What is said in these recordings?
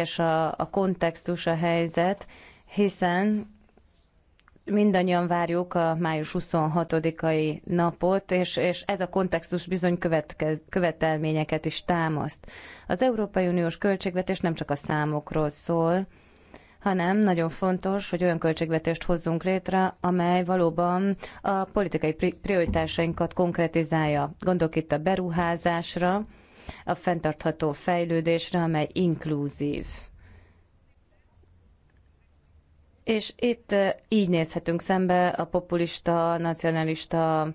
és a, a kontextus, a helyzet, hiszen mindannyian várjuk a május 26-ai napot, és, és ez a kontextus bizony következ, követelményeket is támaszt. Az Európai Uniós költségvetés nem csak a számokról szól, hanem nagyon fontos, hogy olyan költségvetést hozzunk létre, amely valóban a politikai prioritásainkat konkretizálja. Gondolok itt a beruházásra, a fenntartható fejlődésre, amely inkluzív. És itt eh, így nézhetünk szembe a populista, nacionalista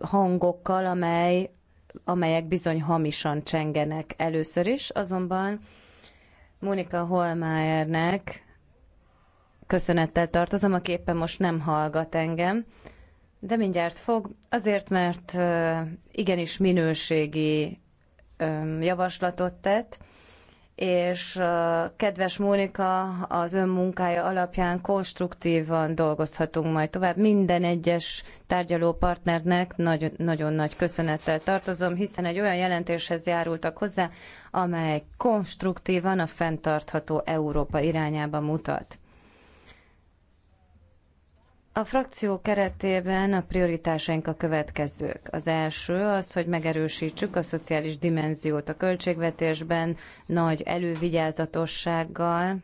hangokkal, amely, amelyek bizony hamisan csengenek először is, azonban Monika Holmáernek köszönettel tartozom, aki éppen most nem hallgat engem, de mindjárt fog, azért mert igenis minőségi javaslatot tett, és kedves Mónika, az ön munkája alapján konstruktívan dolgozhatunk majd tovább. Minden egyes tárgyaló partnernek nagyon, nagyon nagy köszönettel tartozom, hiszen egy olyan jelentéshez járultak hozzá, amely konstruktívan a fenntartható Európa irányába mutat. A frakció keretében a prioritásaink a következők. Az első az, hogy megerősítsük a szociális dimenziót a költségvetésben nagy elővigyázatossággal.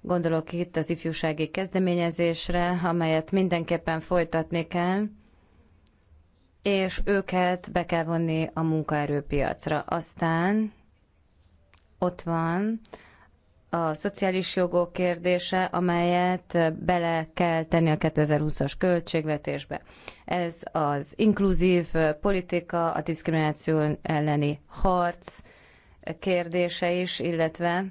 Gondolok itt az ifjúsági kezdeményezésre, amelyet mindenképpen folytatni kell, és őket be kell vonni a munkaerőpiacra. Aztán ott van a szociális jogok kérdése, amelyet bele kell tenni a 2020-as költségvetésbe. Ez az inkluzív politika, a diszkrimináció elleni harc kérdése is, illetve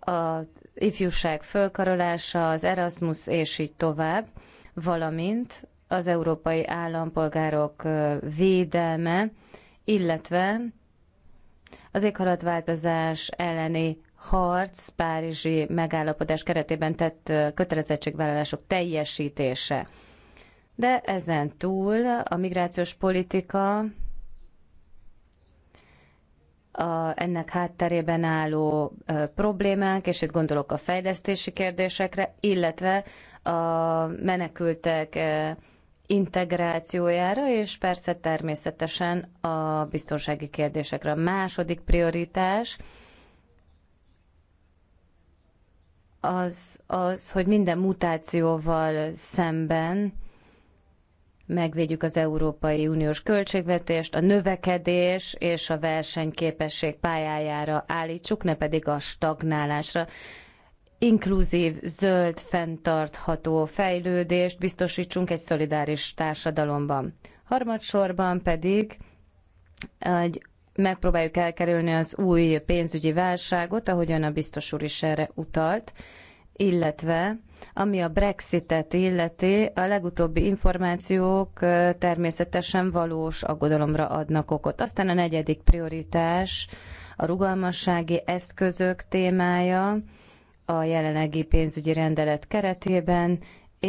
a ifjúság fölkarolása, az Erasmus és így tovább, valamint az európai állampolgárok védelme, illetve az éghajlatváltozás elleni harc Párizsi megállapodás keretében tett kötelezettségvállalások teljesítése. De ezen túl a migrációs politika a, ennek hátterében álló ö, problémák, és itt gondolok a fejlesztési kérdésekre, illetve a menekültek ö, integrációjára, és persze természetesen a biztonsági kérdésekre. A második prioritás az az, hogy minden mutációval szemben megvédjük az Európai Uniós költségvetést, a növekedés és a versenyképesség pályájára állítsuk, ne pedig a stagnálásra. Inkluzív, zöld, fenntartható fejlődést biztosítsunk egy szolidáris társadalomban. Harmadsorban pedig egy megpróbáljuk elkerülni az új pénzügyi válságot, ahogyan a biztos úr is erre utalt, illetve ami a Brexitet illeti, a legutóbbi információk természetesen valós aggodalomra adnak okot. Aztán a negyedik prioritás a rugalmassági eszközök témája a jelenlegi pénzügyi rendelet keretében,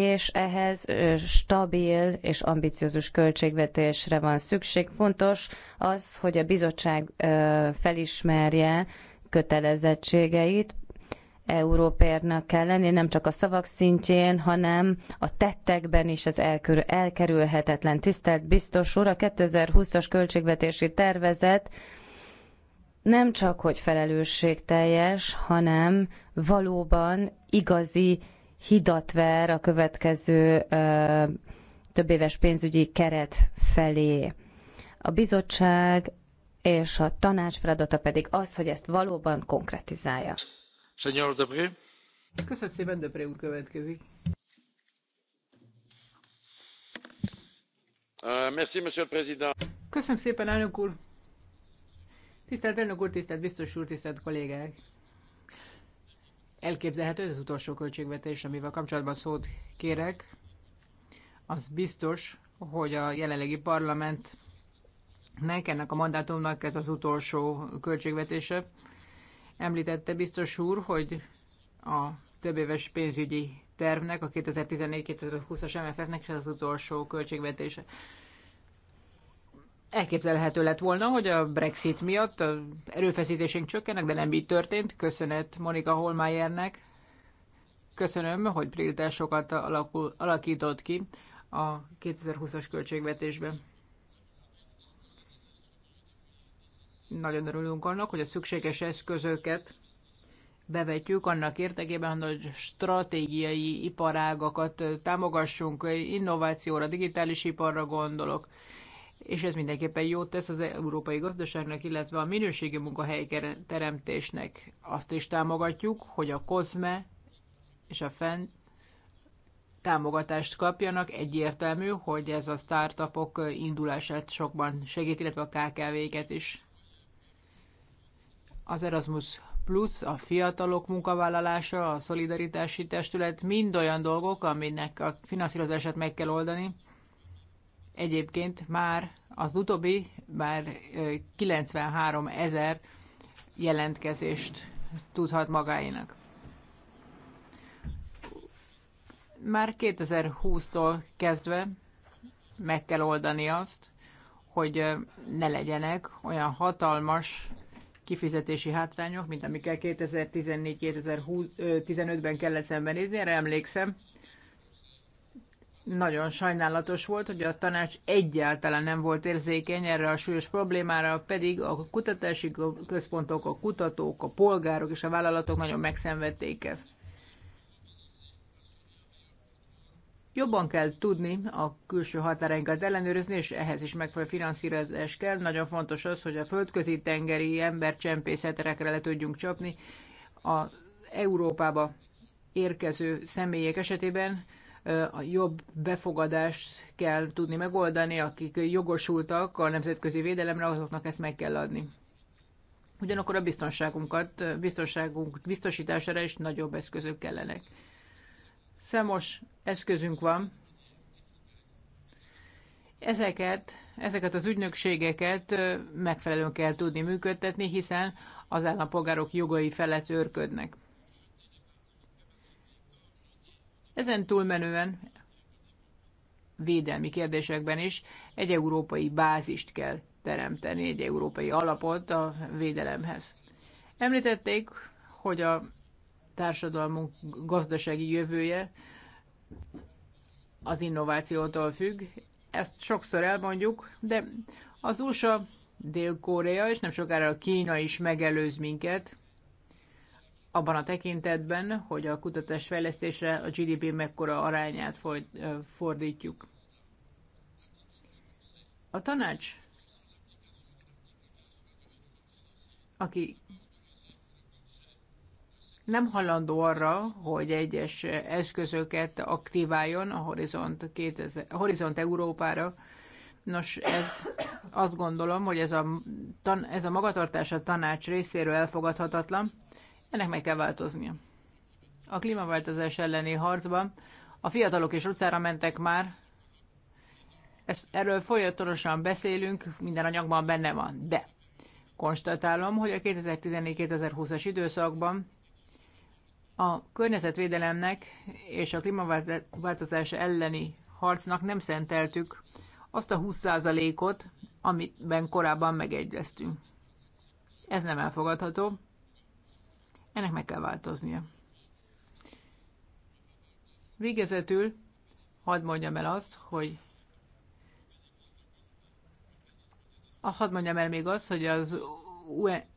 és ehhez stabil és ambiciózus költségvetésre van szükség. Fontos az, hogy a bizottság felismerje kötelezettségeit, európérnak kell lenni, nem csak a szavak szintjén, hanem a tettekben is az elkerülhetetlen. Tisztelt biztos úr, a 2020-as költségvetési tervezet nem csak hogy felelősségteljes, hanem valóban igazi hidat ver a következő több éves pénzügyi keret felé. A bizottság és a tanács feladata pedig az, hogy ezt valóban konkretizálja. Señor Debré. Köszönöm szépen, Debré úr következik. Uh, merci, monsieur le président. Köszönöm szépen, elnök úr. Tisztelt elnök úr, tisztelt biztos úr, tisztelt kollégák elképzelhető, ez az utolsó költségvetés, amivel kapcsolatban szót kérek, az biztos, hogy a jelenlegi parlamentnek, ennek a mandátumnak ez az utolsó költségvetése. Említette biztos úr, hogy a több éves pénzügyi tervnek, a 2014-2020-as MFF-nek is ez az utolsó költségvetése. Elképzelhető lett volna, hogy a Brexit miatt a erőfeszítésénk csökkenek, de nem így történt. Köszönet Monika Holmájernek. Köszönöm, hogy prioritásokat alakul, alakított ki a 2020-as költségvetésben. Nagyon örülünk annak, hogy a szükséges eszközöket bevetjük annak érdekében, hogy stratégiai iparágakat támogassunk, innovációra, digitális iparra gondolok, és ez mindenképpen jót tesz az európai gazdaságnak, illetve a minőségi munkahelyi teremtésnek. Azt is támogatjuk, hogy a COSME és a FEN támogatást kapjanak. Egyértelmű, hogy ez a startupok indulását sokban segít, illetve a KKV-ket is. Az Erasmus Plus, a fiatalok munkavállalása, a szolidaritási testület mind olyan dolgok, aminek a finanszírozását meg kell oldani Egyébként már az utóbbi már 93 ezer jelentkezést tudhat magáénak. Már 2020-tól kezdve meg kell oldani azt, hogy ne legyenek olyan hatalmas kifizetési hátrányok, mint amikkel 2014-2015-ben kellett szembenézni, erre emlékszem. Nagyon sajnálatos volt, hogy a tanács egyáltalán nem volt érzékeny erre a súlyos problémára, pedig a kutatási központok, a kutatók, a polgárok és a vállalatok nagyon megszenvedték ezt. Jobban kell tudni a külső határainkat ellenőrizni, és ehhez is megfelelő finanszírozás kell. Nagyon fontos az, hogy a földközi tengeri embercsempészetekre le tudjunk csapni. A Európába érkező személyek esetében a jobb befogadást kell tudni megoldani, akik jogosultak a nemzetközi védelemre, azoknak ezt meg kell adni. Ugyanakkor a biztonságunkat, biztonságunk biztosítására is nagyobb eszközök kellenek. Számos eszközünk van. Ezeket, ezeket az ügynökségeket megfelelően kell tudni működtetni, hiszen az állampolgárok jogai felett őrködnek. Ezen túlmenően védelmi kérdésekben is egy európai bázist kell teremteni, egy európai alapot a védelemhez. Említették, hogy a társadalmunk gazdasági jövője az innovációtól függ. Ezt sokszor elmondjuk, de az USA, Dél-Korea és nem sokára a Kína is megelőz minket abban a tekintetben, hogy a kutatás fejlesztésre a GDP mekkora arányát fordítjuk. A tanács, aki nem hallandó arra, hogy egyes eszközöket aktiváljon a Horizont, 2000, a Horizont Európára. Nos, ez azt gondolom, hogy ez a, ez a magatartás a tanács részéről elfogadhatatlan. Ennek meg kell változnia. A klímaváltozás elleni harcban a fiatalok is utcára mentek már, ezt, erről folyamatosan beszélünk, minden anyagban benne van, de konstatálom, hogy a 2014-2020-as időszakban a környezetvédelemnek és a klímaváltozás elleni harcnak nem szenteltük azt a 20%-ot, amiben korábban megegyeztünk. Ez nem elfogadható. Ennek meg kell változnia. Végezetül hadd mondjam el azt, hogy hadd mondjam el még azt, hogy az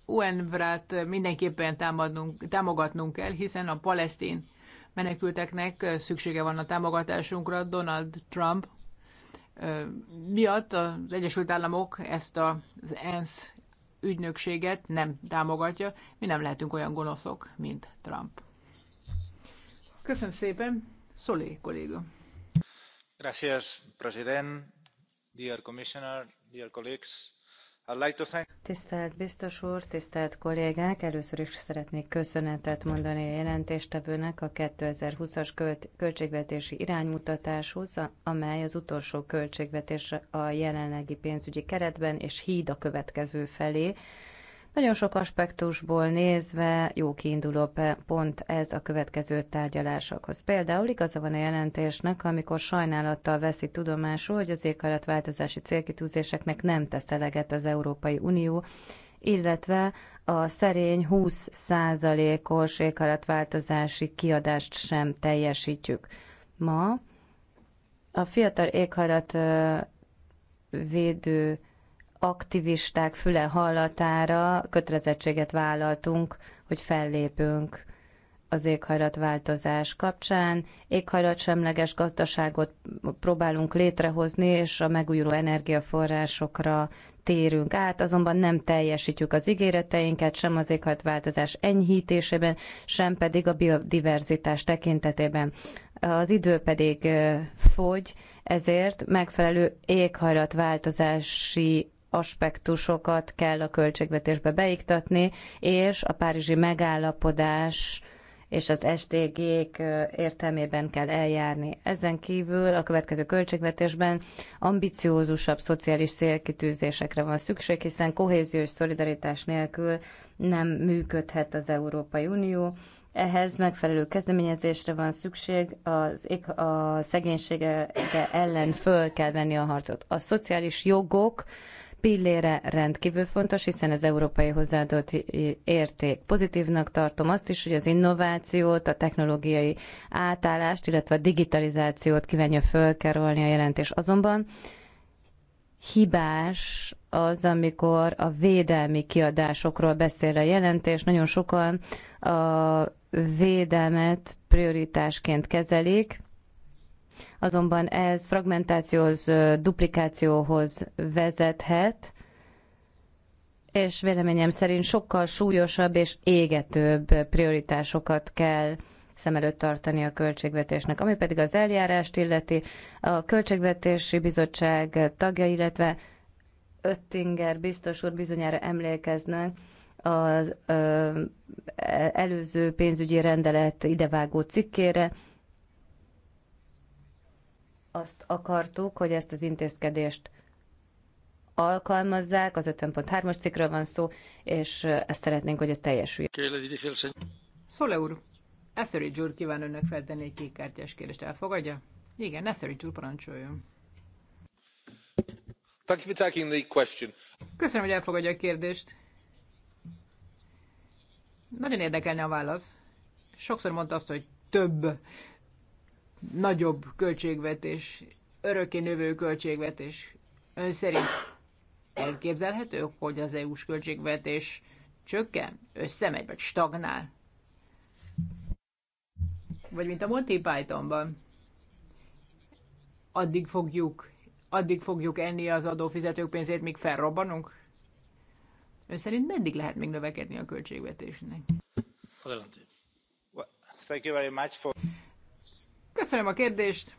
UNVRÁT mindenképpen támadnunk, támogatnunk kell, hiszen a palesztin menekülteknek szüksége van a támogatásunkra. Donald Trump miatt az Egyesült Államok ezt az ENSZ ügynökséget nem támogatja. Mi nem lehetünk olyan gonoszok, mint Trump. Köszönöm szépen, Szolé kolléga. Gracias, president, dear commissioner, dear colleagues. Tisztelt biztos úr, tisztelt kollégák! Először is szeretnék köszönetet mondani a jelentéstevőnek a 2020-as költ- költségvetési iránymutatáshoz, amely az utolsó költségvetés a jelenlegi pénzügyi keretben, és híd a következő felé. Nagyon sok aspektusból nézve jó kiinduló pont ez a következő tárgyalásokhoz. Például igaza van a jelentésnek, amikor sajnálattal veszi tudomásul, hogy az éghajlatváltozási célkitűzéseknek nem tesz eleget az Európai Unió, illetve a szerény 20%-os éghajlatváltozási kiadást sem teljesítjük. Ma a fiatal éghajlat védő aktivisták füle hallatára kötelezettséget vállaltunk, hogy fellépünk az éghajlatváltozás kapcsán. Éghajlatsemleges gazdaságot próbálunk létrehozni, és a megújuló energiaforrásokra térünk át, azonban nem teljesítjük az ígéreteinket, sem az éghajlatváltozás enyhítésében, sem pedig a biodiverzitás tekintetében. Az idő pedig fogy, ezért megfelelő éghajlatváltozási aspektusokat kell a költségvetésbe beiktatni, és a párizsi megállapodás és az STG-k értelmében kell eljárni. Ezen kívül a következő költségvetésben ambiciózusabb szociális célkitűzésekre van szükség, hiszen kohéziós szolidaritás nélkül nem működhet az Európai Unió. Ehhez megfelelő kezdeményezésre van szükség, az, a szegénysége ellen föl kell venni a harcot. A szociális jogok pillére rendkívül fontos, hiszen az európai hozzáadott érték. Pozitívnak tartom azt is, hogy az innovációt, a technológiai átállást, illetve a digitalizációt kívánja fölkerolni a jelentés. Azonban hibás az, amikor a védelmi kiadásokról beszél a jelentés. Nagyon sokan a védelmet prioritásként kezelik, azonban ez fragmentációhoz, duplikációhoz vezethet, és véleményem szerint sokkal súlyosabb és égetőbb prioritásokat kell szem előtt tartani a költségvetésnek. Ami pedig az eljárást illeti, a Költségvetési Bizottság tagja, illetve Öttinger biztos úr bizonyára emlékeznek az e-, előző pénzügyi rendelet idevágó cikkére, azt akartuk, hogy ezt az intézkedést alkalmazzák, az 53 as cikkről van szó, és ezt szeretnénk, hogy ez teljesüljön. Szóle úr, Etheridge úr kíván önnek feltenni egy kékkártyás kérdést. Elfogadja? Igen, Etheridge úr parancsoljon. Thank you for taking the question. Köszönöm, hogy elfogadja a kérdést. Nagyon érdekelne a válasz. Sokszor mondta azt, hogy több nagyobb költségvetés, öröki növő költségvetés. Ön szerint elképzelhető, hogy az EU-s költségvetés csökken, összemegy, vagy stagnál? Vagy mint a Monty Pythonban. Addig fogjuk, addig fogjuk enni az adófizetők pénzét, míg felrobbanunk? Ön szerint meddig lehet még növekedni a költségvetésnek? Thank you very much for... Köszönöm a kérdést.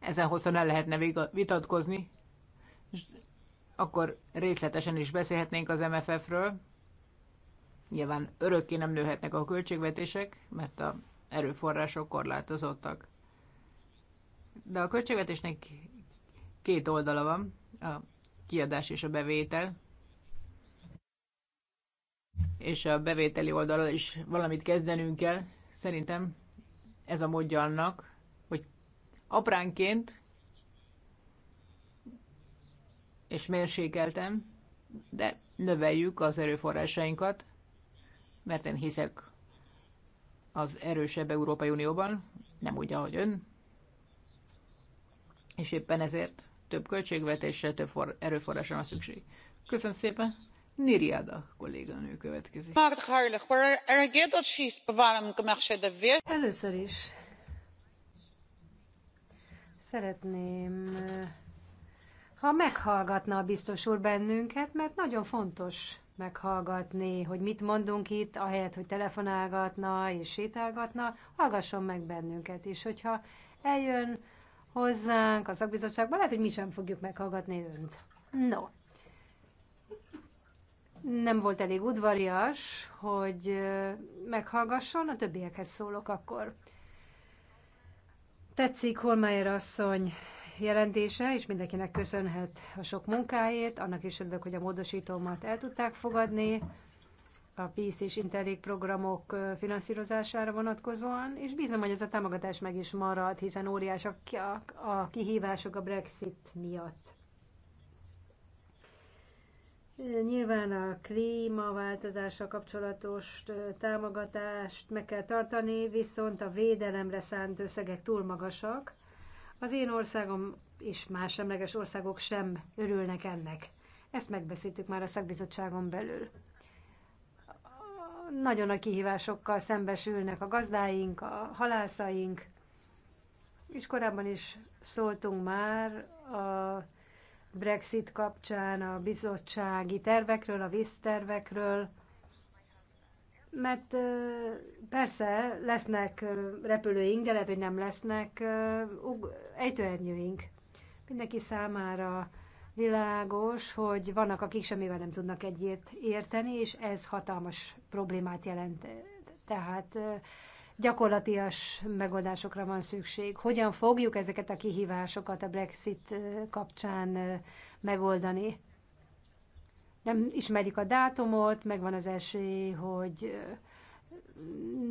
Ezen hosszan el lehetne vitatkozni. Akkor részletesen is beszélhetnénk az MFF-ről. Nyilván örökké nem nőhetnek a költségvetések, mert a erőforrások korlátozottak. De a költségvetésnek két oldala van, a kiadás és a bevétel. És a bevételi oldalról is valamit kezdenünk kell. Szerintem ez a módja annak, hogy apránként és mérsékelten, de növeljük az erőforrásainkat, mert én hiszek az erősebb Európai Unióban, nem úgy, ahogy ön, és éppen ezért több költségvetésre, több erőforrásra van szükség. Köszönöm szépen! Niriada kolléganő következik. Er Először is szeretném, eh, ha meghallgatna a biztos úr bennünket, mert nagyon fontos meghallgatni, hogy mit mondunk itt, ahelyett, hogy telefonálgatna és sétálgatna, hallgasson meg bennünket is, hogyha eljön hozzánk a szakbizottságban, lehet, hogy mi sem fogjuk meghallgatni önt. No, nem volt elég udvarias, hogy meghallgasson, a többiekhez szólok akkor. Tetszik Holmeier asszony jelentése, és mindenkinek köszönhet a sok munkáért. Annak is örülök, hogy a módosítómat el tudták fogadni a PISZ és Interreg programok finanszírozására vonatkozóan, és bízom, hogy ez a támogatás meg is marad, hiszen óriásak a kihívások a Brexit miatt. Nyilván a klímaváltozással kapcsolatos támogatást meg kell tartani, viszont a védelemre szánt összegek túl magasak. Az én országom és más semleges országok sem örülnek ennek. Ezt megbeszéltük már a szakbizottságon belül. Nagyon nagy kihívásokkal szembesülnek a gazdáink, a halászaink, és korábban is szóltunk már a Brexit kapcsán, a bizottsági tervekről, a víztervekről, mert persze lesznek repülőink, de lehet, hogy nem lesznek ejtőernyőink. Mindenki számára világos, hogy vannak, akik semmivel nem tudnak egyet érteni, és ez hatalmas problémát jelent. Tehát gyakorlatias megoldásokra van szükség. Hogyan fogjuk ezeket a kihívásokat a Brexit kapcsán megoldani? Nem ismerik a dátumot, megvan az esély, hogy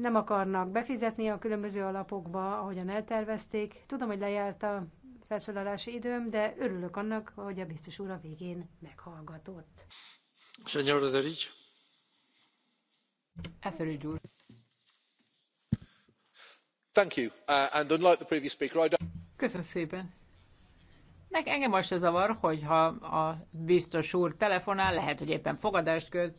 nem akarnak befizetni a különböző alapokba, ahogyan eltervezték. Tudom, hogy lejárt a felszólalási időm, de örülök annak, hogy a biztos úr a végén meghallgatott. Señor Etheridge. Etheridge úr. Köszönöm szépen. engem most se zavar, hogyha a biztos úr telefonál, lehet, hogy éppen fogadást köt.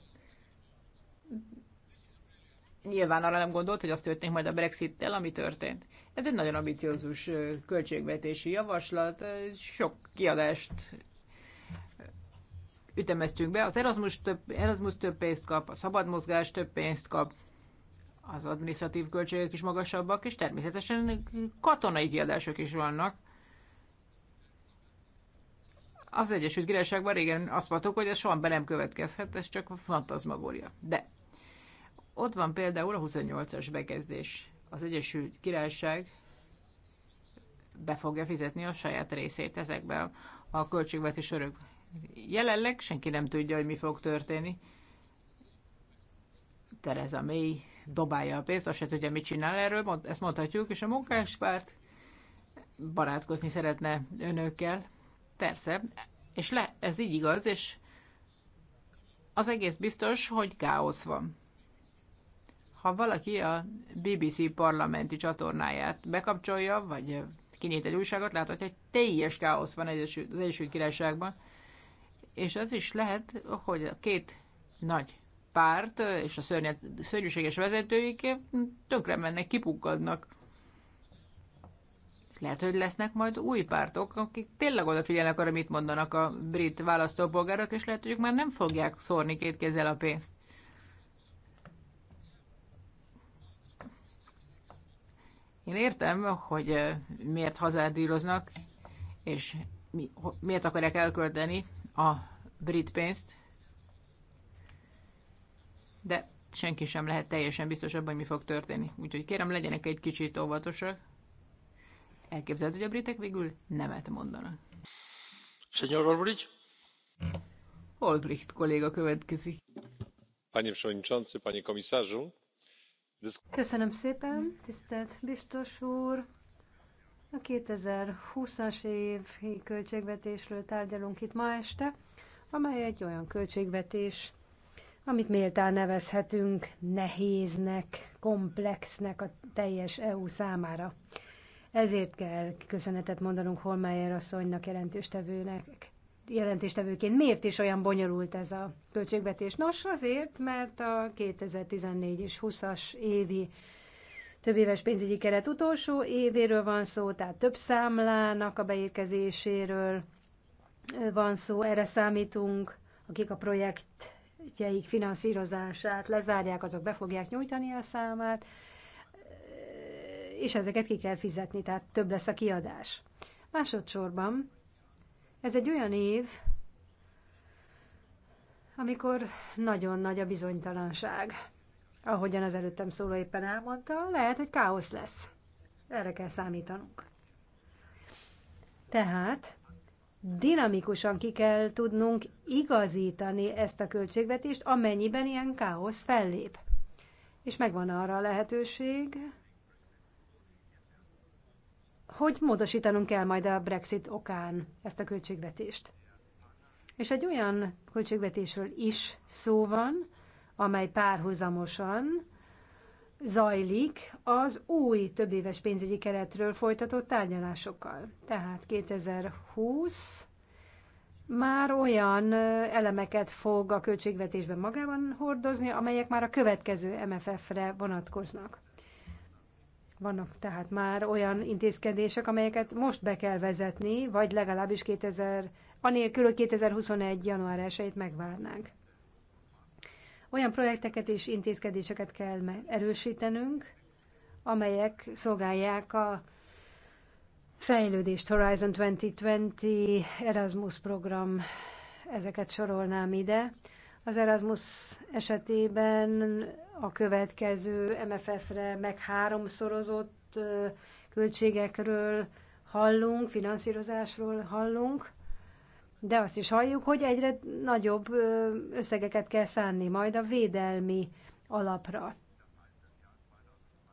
Nyilván arra nem gondolt, hogy az történik majd a Brexit-tel, ami történt. Ez egy nagyon ambiciózus költségvetési javaslat, sok kiadást ütemeztünk be. Az Erasmus több, Erasmus több pénzt kap, a szabad mozgás több pénzt kap, az adminisztratív költségek is magasabbak, és természetesen katonai kiadások is vannak. Az Egyesült Királyságban régen azt mondtuk, hogy ez soha be nem következhet, ez csak fantazmagória. De ott van például a 28-as bekezdés. Az Egyesült Királyság be fogja fizetni a saját részét ezekben a költségvetés örök. Jelenleg senki nem tudja, hogy mi fog történni. Tereza May dobálja a pénzt, azt se tudja, mit csinál erről, ezt mondhatjuk, és a munkáspárt barátkozni szeretne önökkel. Persze, és le, ez így igaz, és az egész biztos, hogy káosz van. Ha valaki a BBC parlamenti csatornáját bekapcsolja, vagy kinyit egy újságot, láthatja, hogy teljes káosz van az Egyesült Királyságban, és az is lehet, hogy a két nagy párt és a szörnyet, szörnyűséges vezetőik tökre mennek, kipukkadnak. Lehet, hogy lesznek majd új pártok, akik tényleg odafigyelnek arra, mit mondanak a brit választópolgárok, és lehet, hogy ők már nem fogják szórni két kézzel a pénzt. Én értem, hogy eh, miért hazárdíroznak, és mi, miért akarják elkölteni a brit pénzt, de senki sem lehet teljesen biztos abban, hogy mi fog történni. Úgyhogy kérem, legyenek egy kicsit óvatosak. Elképzelhető, hogy a britek végül nemet mondanak. Senyor Olbrich? Olbricht kolléga következik. Panie przewodniczący, panie komisarzu. Köszönöm szépen, tisztelt biztos úr. A 2020-as év költségvetésről tárgyalunk itt ma este, amely egy olyan költségvetés, amit méltán nevezhetünk nehéznek, komplexnek a teljes EU számára. Ezért kell köszönetet mondanunk Holmeyer asszonynak jelentéstevőnek, jelentéstevőként. Miért is olyan bonyolult ez a költségvetés? Nos, azért, mert a 2014 és 20-as évi több éves pénzügyi keret utolsó évéről van szó, tehát több számlának a beérkezéséről van szó, erre számítunk, akik a projekt projektjeik finanszírozását lezárják, azok be fogják nyújtani a számát, és ezeket ki kell fizetni, tehát több lesz a kiadás. Másodszorban ez egy olyan év, amikor nagyon nagy a bizonytalanság. Ahogyan az előttem szóló éppen elmondta, lehet, hogy káosz lesz. Erre kell számítanunk. Tehát dinamikusan ki kell tudnunk igazítani ezt a költségvetést, amennyiben ilyen káosz fellép. És megvan arra a lehetőség, hogy módosítanunk kell majd a Brexit okán ezt a költségvetést. És egy olyan költségvetésről is szó van, amely párhuzamosan zajlik az új többéves pénzügyi keretről folytatott tárgyalásokkal. Tehát 2020 már olyan elemeket fog a költségvetésben magában hordozni, amelyek már a következő MFF-re vonatkoznak. Vannak tehát már olyan intézkedések, amelyeket most be kell vezetni, vagy legalábbis 2000, anélkül, hogy 2021. január 1-ét megvárnánk. Olyan projekteket és intézkedéseket kell erősítenünk, amelyek szolgálják a fejlődést. Horizon 2020, Erasmus program, ezeket sorolnám ide. Az Erasmus esetében a következő MFF-re meg háromszorozott költségekről hallunk, finanszírozásról hallunk, de azt is halljuk, hogy egyre nagyobb összegeket kell szánni majd a védelmi alapra.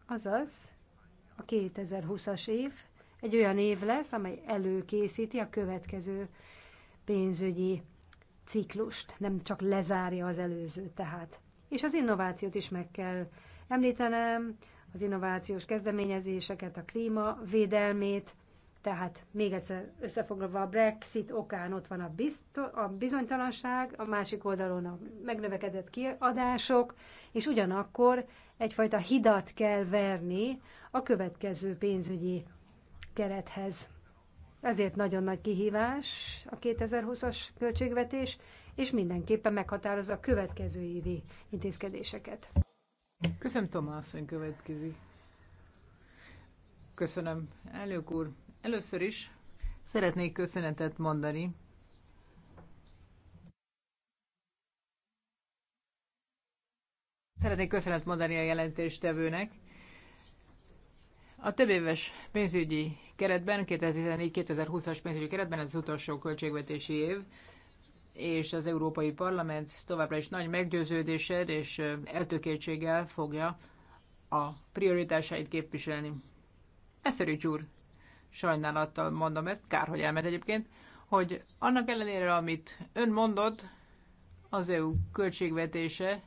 Azaz, a 2020-as év egy olyan év lesz, amely előkészíti a következő pénzügyi ciklust, nem csak lezárja az előzőt tehát. És az innovációt is meg kell említenem, az innovációs kezdeményezéseket, a klíma védelmét, tehát még egyszer összefoglalva a Brexit okán ott van a, bizto- a bizonytalanság, a másik oldalon a megnövekedett kiadások, és ugyanakkor egyfajta hidat kell verni a következő pénzügyi kerethez. Ezért nagyon nagy kihívás a 2020-as költségvetés, és mindenképpen meghatározza a következő évi intézkedéseket. Köszönöm, Tomás, hogy következik. Köszönöm, elnök úr. Először is szeretnék köszönetet mondani Szeretnék köszönet mondani a jelentéstevőnek. A több éves pénzügyi keretben, 2014-2020-as pénzügyi keretben, ez az utolsó költségvetési év, és az Európai Parlament továbbra is nagy meggyőződéssel és eltökéltséggel fogja a prioritásait képviselni. Eszerű csúr! sajnálattal mondom ezt, kár, hogy elment egyébként, hogy annak ellenére, amit ön mondott, az EU költségvetése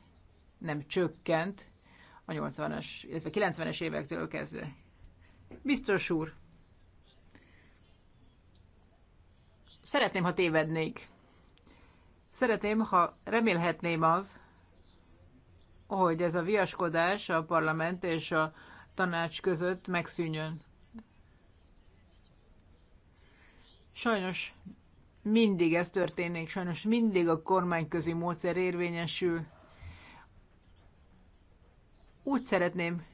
nem csökkent a 80-as, illetve 90-es évektől kezdve. Biztos úr, szeretném, ha tévednék. Szeretném, ha remélhetném az, hogy ez a viaskodás a parlament és a tanács között megszűnjön. Sajnos mindig ez történik, sajnos mindig a kormányközi módszer érvényesül. Úgy szeretném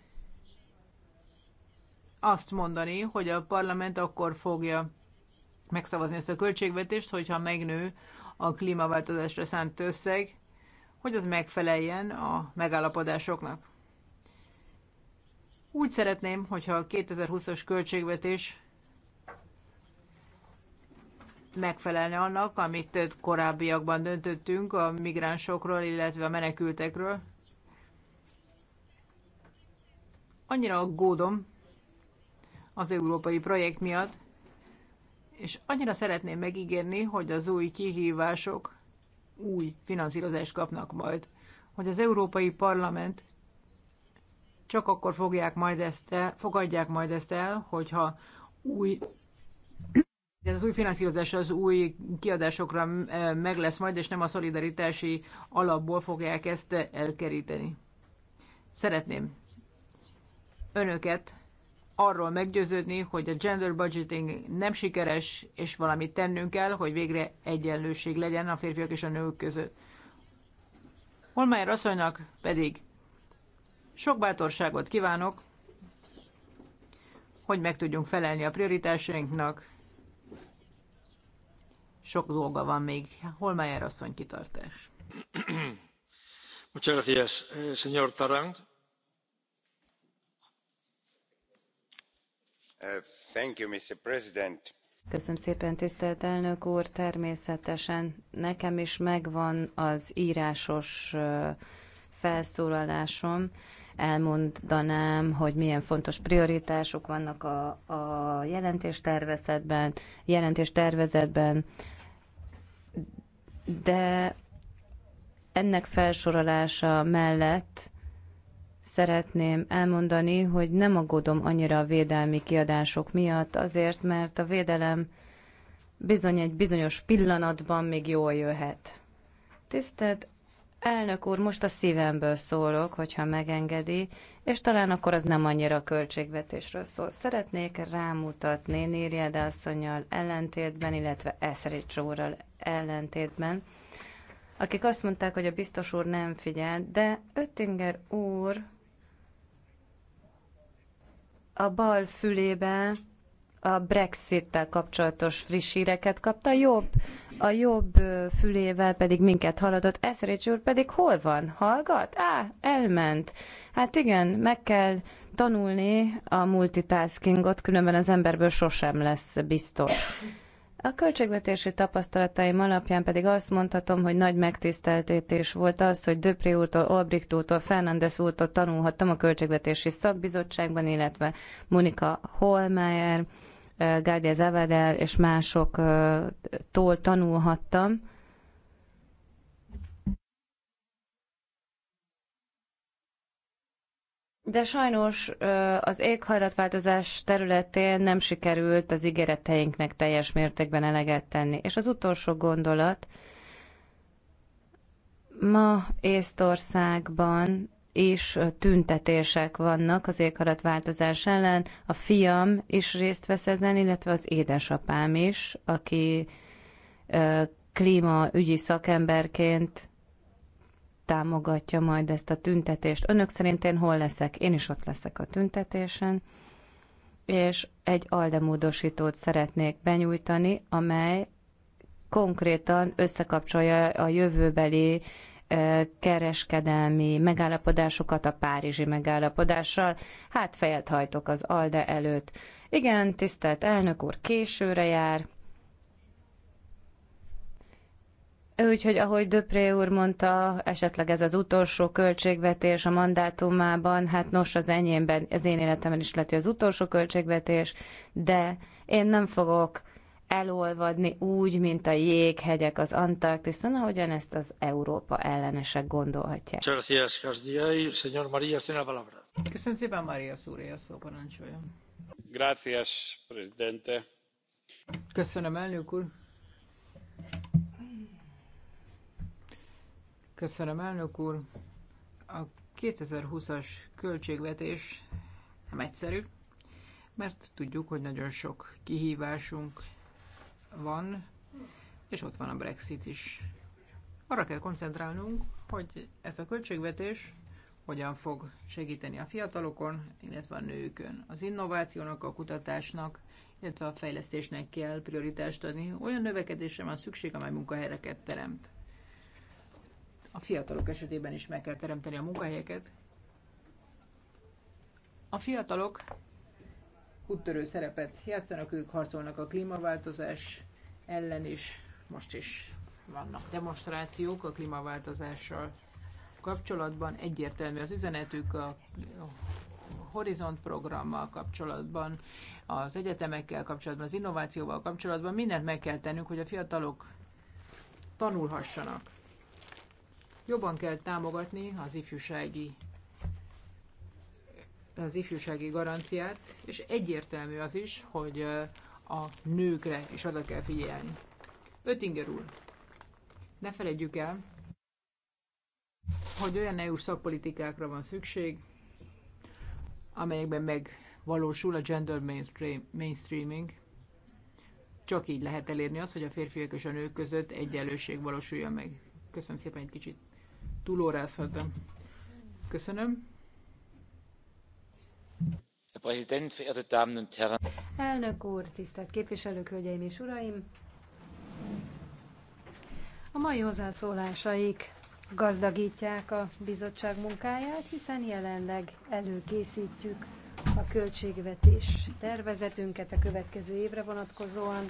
azt mondani, hogy a parlament akkor fogja megszavazni ezt a költségvetést, hogyha megnő a klímaváltozásra szánt összeg, hogy az megfeleljen a megállapodásoknak. Úgy szeretném, hogyha a 2020-as költségvetés megfelelne annak, amit korábbiakban döntöttünk a migránsokról, illetve a menekültekről. Annyira aggódom az európai projekt miatt, és annyira szeretném megígérni, hogy az új kihívások új finanszírozást kapnak majd, hogy az Európai Parlament csak akkor fogják majd ezt el, fogadják majd ezt el, hogyha új ez az új finanszírozás az új kiadásokra e, meg lesz majd, és nem a szolidaritási alapból fogják ezt elkeríteni. Szeretném önöket arról meggyőződni, hogy a gender budgeting nem sikeres, és valamit tennünk kell, hogy végre egyenlőség legyen a férfiak és a nők között. Holmeyer asszonynak pedig sok bátorságot kívánok, hogy meg tudjunk felelni a prioritásainknak, sok dolga van még. Holmájár asszony kitartás. Muchas gracias, eh, señor Tarand. Uh, thank you, Mr. President. Köszönöm szépen, tisztelt elnök úr. Természetesen nekem is megvan az írásos felszólalásom. Elmondanám, hogy milyen fontos prioritások vannak a, a jelentéstervezetben, jelentéstervezetben, de ennek felsorolása mellett szeretném elmondani, hogy nem aggódom annyira a védelmi kiadások miatt, azért, mert a védelem bizony egy bizonyos pillanatban még jól jöhet. Tisztelt elnök úr, most a szívemből szólok, hogyha megengedi, és talán akkor az nem annyira a költségvetésről szól. Szeretnék rámutatni Nériád asszonyjal ellentétben, illetve Eszerics ellentétben, akik azt mondták, hogy a biztos úr nem figyel, de Öttinger úr a bal fülébe a Brexit-tel kapcsolatos friss híreket kapta, jobb, a jobb fülével pedig minket haladott. Eszerics úr pedig hol van? Hallgat? Á, elment. Hát igen, meg kell tanulni a multitaskingot, különben az emberből sosem lesz biztos. A költségvetési tapasztalataim alapján pedig azt mondhatom, hogy nagy megtiszteltetés volt az, hogy Döpré úrtól, Albrecht úrtól, Fernandez úrtól tanulhattam a költségvetési szakbizottságban, illetve Monika Holmeyer, eh, Gárdia Zavadel és másoktól eh, tanulhattam De sajnos az éghajlatváltozás területén nem sikerült az ígéreteinknek teljes mértékben eleget tenni. És az utolsó gondolat, ma Észtországban is tüntetések vannak az éghajlatváltozás ellen. A fiam is részt vesz ezen, illetve az édesapám is, aki klímaügyi szakemberként támogatja majd ezt a tüntetést. Önök szerint én hol leszek? Én is ott leszek a tüntetésen. És egy aldemódosítót szeretnék benyújtani, amely konkrétan összekapcsolja a jövőbeli kereskedelmi megállapodásokat a párizsi megállapodással. Hát fejet hajtok az ALDE előtt. Igen, tisztelt elnök úr, későre jár, Úgyhogy, ahogy Döpré úr mondta, esetleg ez az utolsó költségvetés a mandátumában, hát nos, az enyémben, az én életemben is lett, hogy az utolsó költségvetés, de én nem fogok elolvadni úgy, mint a jéghegyek az Antarktiszon, ahogyan ezt az Európa ellenesek gondolhatják. Köszönöm szépen, Maria a szó parancsoljon. Gracias, presidente. Köszönöm, elnök úr. Köszönöm, elnök úr. A 2020-as költségvetés nem egyszerű, mert tudjuk, hogy nagyon sok kihívásunk van, és ott van a Brexit is. Arra kell koncentrálnunk, hogy ez a költségvetés hogyan fog segíteni a fiatalokon, illetve a nőkön. Az innovációnak, a kutatásnak, illetve a fejlesztésnek kell prioritást adni. Olyan növekedésre van szükség, amely munkahelyeket teremt a fiatalok esetében is meg kell teremteni a munkahelyeket. A fiatalok úttörő szerepet játszanak, ők harcolnak a klímaváltozás ellen is, most is vannak demonstrációk a klímaváltozással kapcsolatban. Egyértelmű az üzenetük a Horizont programmal kapcsolatban, az egyetemekkel kapcsolatban, az innovációval kapcsolatban mindent meg kell tennünk, hogy a fiatalok tanulhassanak. Jobban kell támogatni az ifjúsági az ifjúsági garanciát, és egyértelmű az is, hogy a nőkre is oda kell figyelni. Öttinger úr, ne felejtjük el, hogy olyan EU szakpolitikákra van szükség, amelyekben megvalósul a gender mainstreaming. Csak így lehet elérni azt, hogy a férfiak és a nők között egyenlőség valósuljon meg. Köszönöm szépen egy kicsit túlórázhattam. Köszönöm. Elnök úr, tisztelt képviselők, hölgyeim és uraim! A mai hozzászólásaik gazdagítják a bizottság munkáját, hiszen jelenleg előkészítjük a költségvetés tervezetünket a következő évre vonatkozóan,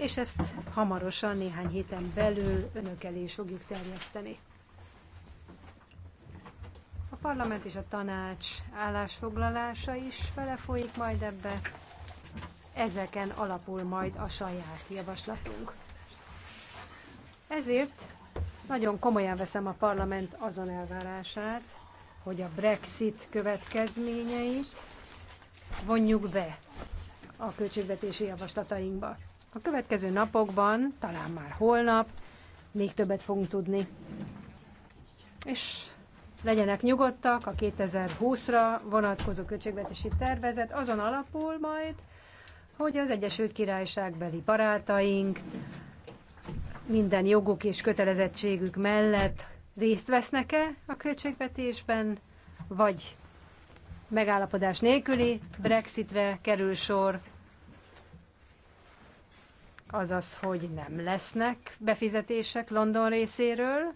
és ezt hamarosan, néhány héten belül önök elé is fogjuk terjeszteni. A parlament és a tanács állásfoglalása is belefolyik majd ebbe. Ezeken alapul majd a saját javaslatunk. Ezért nagyon komolyan veszem a parlament azon elvárását, hogy a Brexit következményeit vonjuk be a költségvetési javaslatainkba. A következő napokban, talán már holnap, még többet fogunk tudni. És legyenek nyugodtak a 2020-ra vonatkozó költségvetési tervezet azon alapul majd, hogy az Egyesült Királyságbeli barátaink minden joguk és kötelezettségük mellett részt vesznek-e a költségvetésben, vagy megállapodás nélküli Brexitre kerül sor, azaz, hogy nem lesznek befizetések London részéről,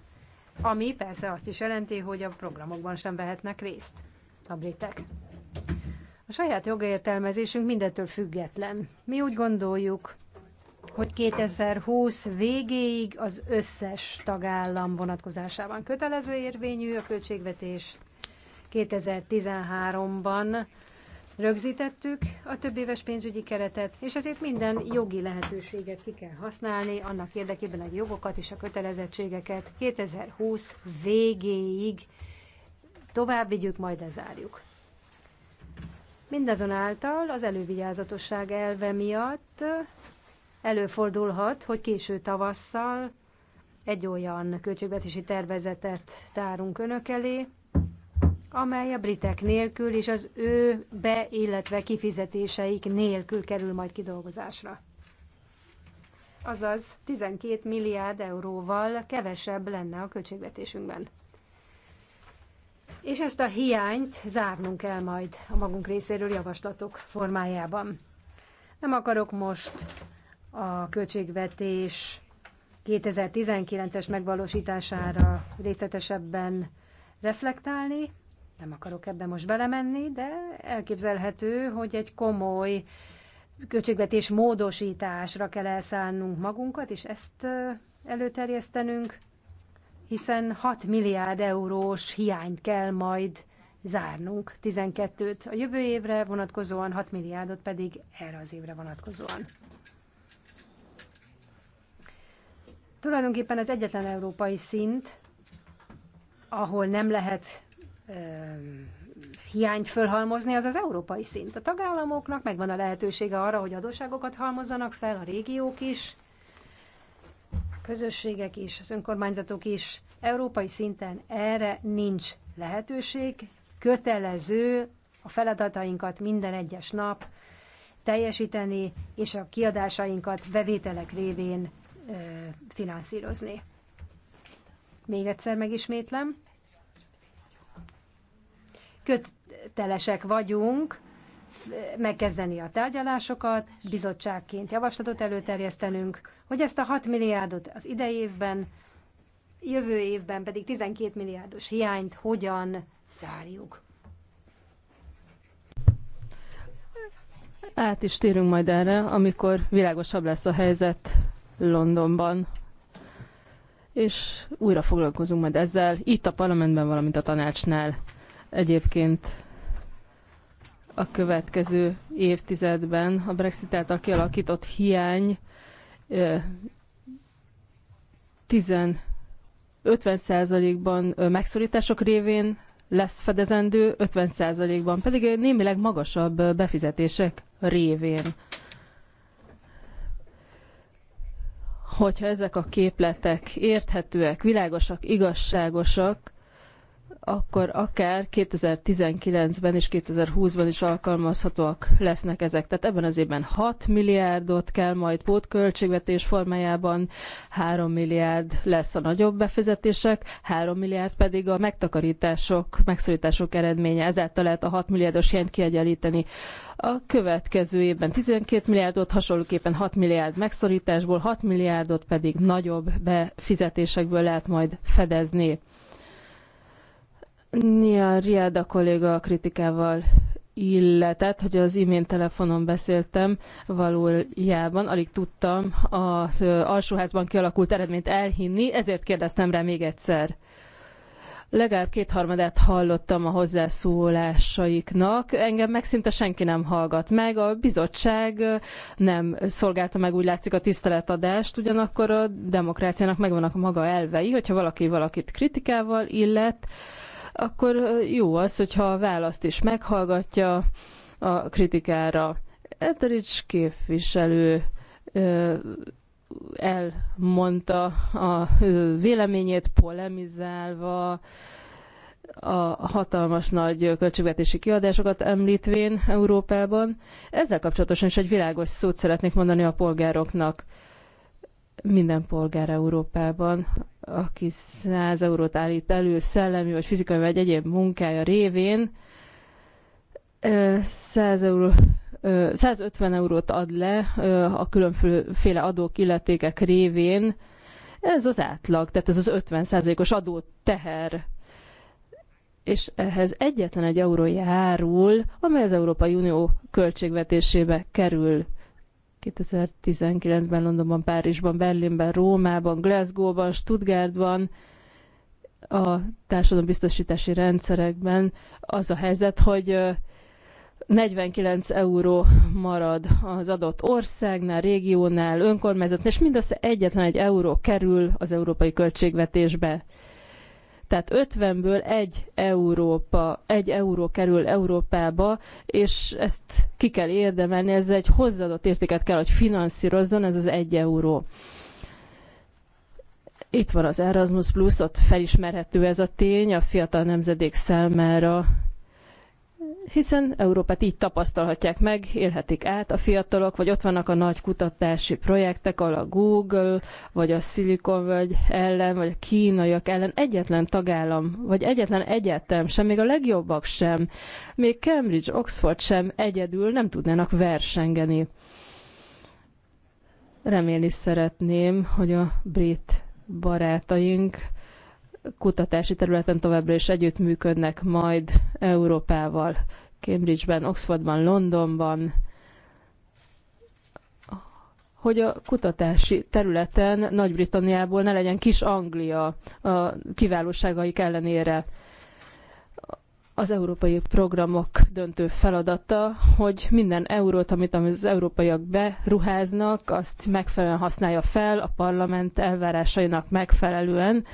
ami persze azt is jelenti, hogy a programokban sem vehetnek részt a britek. A saját jogértelmezésünk mindettől független. Mi úgy gondoljuk, hogy 2020 végéig az összes tagállam vonatkozásában kötelező érvényű a költségvetés. 2013-ban Rögzítettük a több éves pénzügyi keretet, és ezért minden jogi lehetőséget ki kell használni, annak érdekében a jogokat és a kötelezettségeket 2020 végéig tovább vigyük, majd lezárjuk. Mindazonáltal az elővigyázatosság elve miatt előfordulhat, hogy késő tavasszal egy olyan költségvetési tervezetet tárunk önök elé, amely a britek nélkül és az ő be, illetve kifizetéseik nélkül kerül majd kidolgozásra. Azaz 12 milliárd euróval kevesebb lenne a költségvetésünkben. És ezt a hiányt zárnunk kell majd a magunk részéről javaslatok formájában. Nem akarok most a költségvetés 2019-es megvalósítására részletesebben reflektálni, nem akarok ebbe most belemenni, de elképzelhető, hogy egy komoly költségvetés módosításra kell elszállnunk magunkat, és ezt előterjesztenünk, hiszen 6 milliárd eurós hiányt kell majd zárnunk, 12-t a jövő évre vonatkozóan, 6 milliárdot pedig erre az évre vonatkozóan. Tulajdonképpen az egyetlen európai szint, ahol nem lehet hiányt fölhalmozni, az az európai szint. A tagállamoknak megvan a lehetősége arra, hogy adósságokat halmozzanak fel, a régiók is, a közösségek is, az önkormányzatok is. Európai szinten erre nincs lehetőség, kötelező a feladatainkat minden egyes nap teljesíteni, és a kiadásainkat bevételek révén finanszírozni. Még egyszer megismétlem, kötelesek vagyunk megkezdeni a tárgyalásokat, bizottságként javaslatot előterjesztenünk, hogy ezt a 6 milliárdot az idei évben, jövő évben pedig 12 milliárdos hiányt hogyan zárjuk. Át is térünk majd erre, amikor világosabb lesz a helyzet Londonban. És újra foglalkozunk majd ezzel, itt a parlamentben, valamint a tanácsnál. Egyébként a következő évtizedben a Brexit által kialakított hiány 50%-ban megszorítások révén lesz fedezendő, 50%-ban pedig némileg magasabb befizetések révén. Hogyha ezek a képletek érthetőek, világosak, igazságosak, akkor akár 2019-ben és 2020-ban is alkalmazhatóak lesznek ezek. Tehát ebben az évben 6 milliárdot kell majd pótköltségvetés formájában, 3 milliárd lesz a nagyobb befizetések, 3 milliárd pedig a megtakarítások, megszorítások eredménye. Ezáltal lehet a 6 milliárdos hiányt kiegyenlíteni. A következő évben 12 milliárdot, hasonlóképpen 6 milliárd megszorításból, 6 milliárdot pedig nagyobb befizetésekből lehet majd fedezni. Nia Riada kolléga a kritikával illetett, hogy az imént telefonon beszéltem valójában, alig tudtam az alsóházban kialakult eredményt elhinni, ezért kérdeztem rá még egyszer. Legalább kétharmadát hallottam a hozzászólásaiknak. Engem meg szinte senki nem hallgat meg. A bizottság nem szolgálta meg, úgy látszik, a tiszteletadást, ugyanakkor a demokráciának megvannak a maga elvei, hogyha valaki valakit kritikával illet, akkor jó az, hogyha a választ is meghallgatja a kritikára. Eterics képviselő elmondta a véleményét polemizálva, a hatalmas nagy költségvetési kiadásokat említvén Európában. Ezzel kapcsolatosan is egy világos szót szeretnék mondani a polgároknak minden polgár Európában, aki 100 eurót állít elő szellemi vagy fizikai vagy egyéb munkája révén, 100 euró 150 eurót ad le a különféle adók, illetékek révén. Ez az átlag, tehát ez az 50%-os adó teher. És ehhez egyetlen egy euró járul, amely az Európai Unió költségvetésébe kerül. 2019-ben Londonban, Párizsban, Berlinben, Rómában, Glasgowban, Stuttgartban, a társadalombiztosítási rendszerekben az a helyzet, hogy 49 euró marad az adott országnál, régiónál, önkormányzatnál, és mindössze egyetlen egy euró kerül az európai költségvetésbe. Tehát 50-ből egy, Európa, egy euró kerül Európába, és ezt ki kell érdemelni, ez egy hozzáadott értéket kell, hogy finanszírozzon, ez az egy euró. Itt van az Erasmus Plus, ott felismerhető ez a tény a fiatal nemzedék számára, hiszen Európát így tapasztalhatják meg, élhetik át a fiatalok, vagy ott vannak a nagy kutatási projektek, ahol a Google, vagy a Silicon vagy ellen, vagy a kínaiak ellen egyetlen tagállam, vagy egyetlen egyetem sem, még a legjobbak sem, még Cambridge, Oxford sem egyedül nem tudnának versengeni. Remélni szeretném, hogy a brit barátaink kutatási területen továbbra is együttműködnek majd Európával, Cambridgeben, Oxfordban, Londonban, hogy a kutatási területen Nagy-Britanniából ne legyen kis Anglia a kiválóságaik ellenére. Az európai programok döntő feladata, hogy minden eurót, amit az európaiak beruháznak, azt megfelelően használja fel a parlament elvárásainak megfelelően,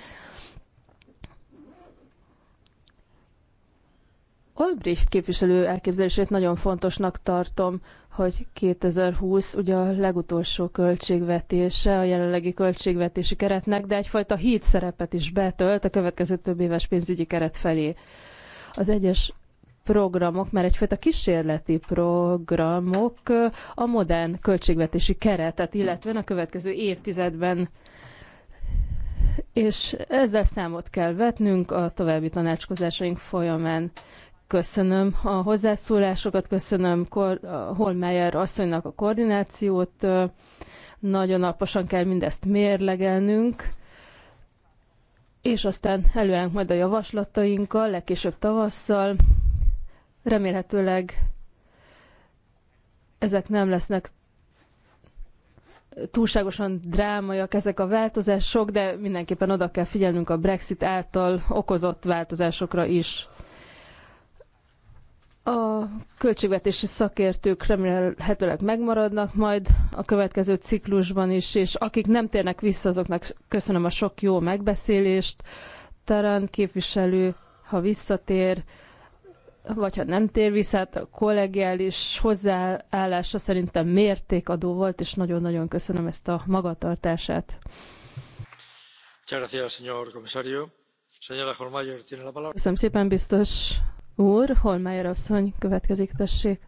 Albrecht képviselő elképzelését nagyon fontosnak tartom, hogy 2020 ugye a legutolsó költségvetése a jelenlegi költségvetési keretnek, de egyfajta híd szerepet is betölt a következő több éves pénzügyi keret felé. Az egyes programok, mert egyfajta kísérleti programok a modern költségvetési keretet, illetve a következő évtizedben és ezzel számot kell vetnünk a további tanácskozásaink folyamán. Köszönöm a hozzászólásokat, köszönöm Holmeyer asszonynak a koordinációt. Nagyon alaposan kell mindezt mérlegelnünk, és aztán előállunk majd a javaslatainkkal, legkésőbb tavasszal. Remélhetőleg ezek nem lesznek túlságosan drámaiak ezek a változások, de mindenképpen oda kell figyelnünk a Brexit által okozott változásokra is. A költségvetési szakértők remélhetőleg megmaradnak majd a következő ciklusban is, és akik nem térnek vissza, azoknak köszönöm a sok jó megbeszélést. Terán képviselő, ha visszatér, vagy ha nem tér vissza, hát a kollegiális hozzáállása szerintem mértékadó volt, és nagyon-nagyon köszönöm ezt a magatartását. Köszönöm szépen, biztos úr. Holmeyer asszony következik, tessék.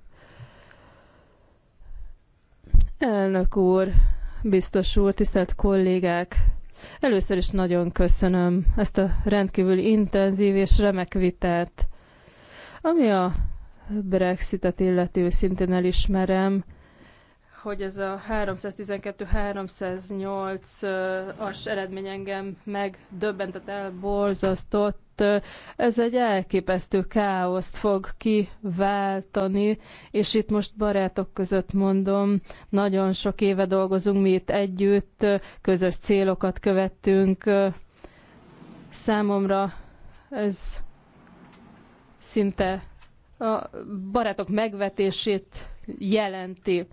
Elnök úr, biztos úr, tisztelt kollégák! Először is nagyon köszönöm ezt a rendkívül intenzív és remek vitát, ami a Brexitet illeti őszintén elismerem, hogy ez a 312-308-as eredmény engem megdöbbentett, elborzasztott ez egy elképesztő káoszt fog kiváltani, és itt most barátok között mondom, nagyon sok éve dolgozunk mi itt együtt, közös célokat követtünk. Számomra ez szinte a barátok megvetését jelenti.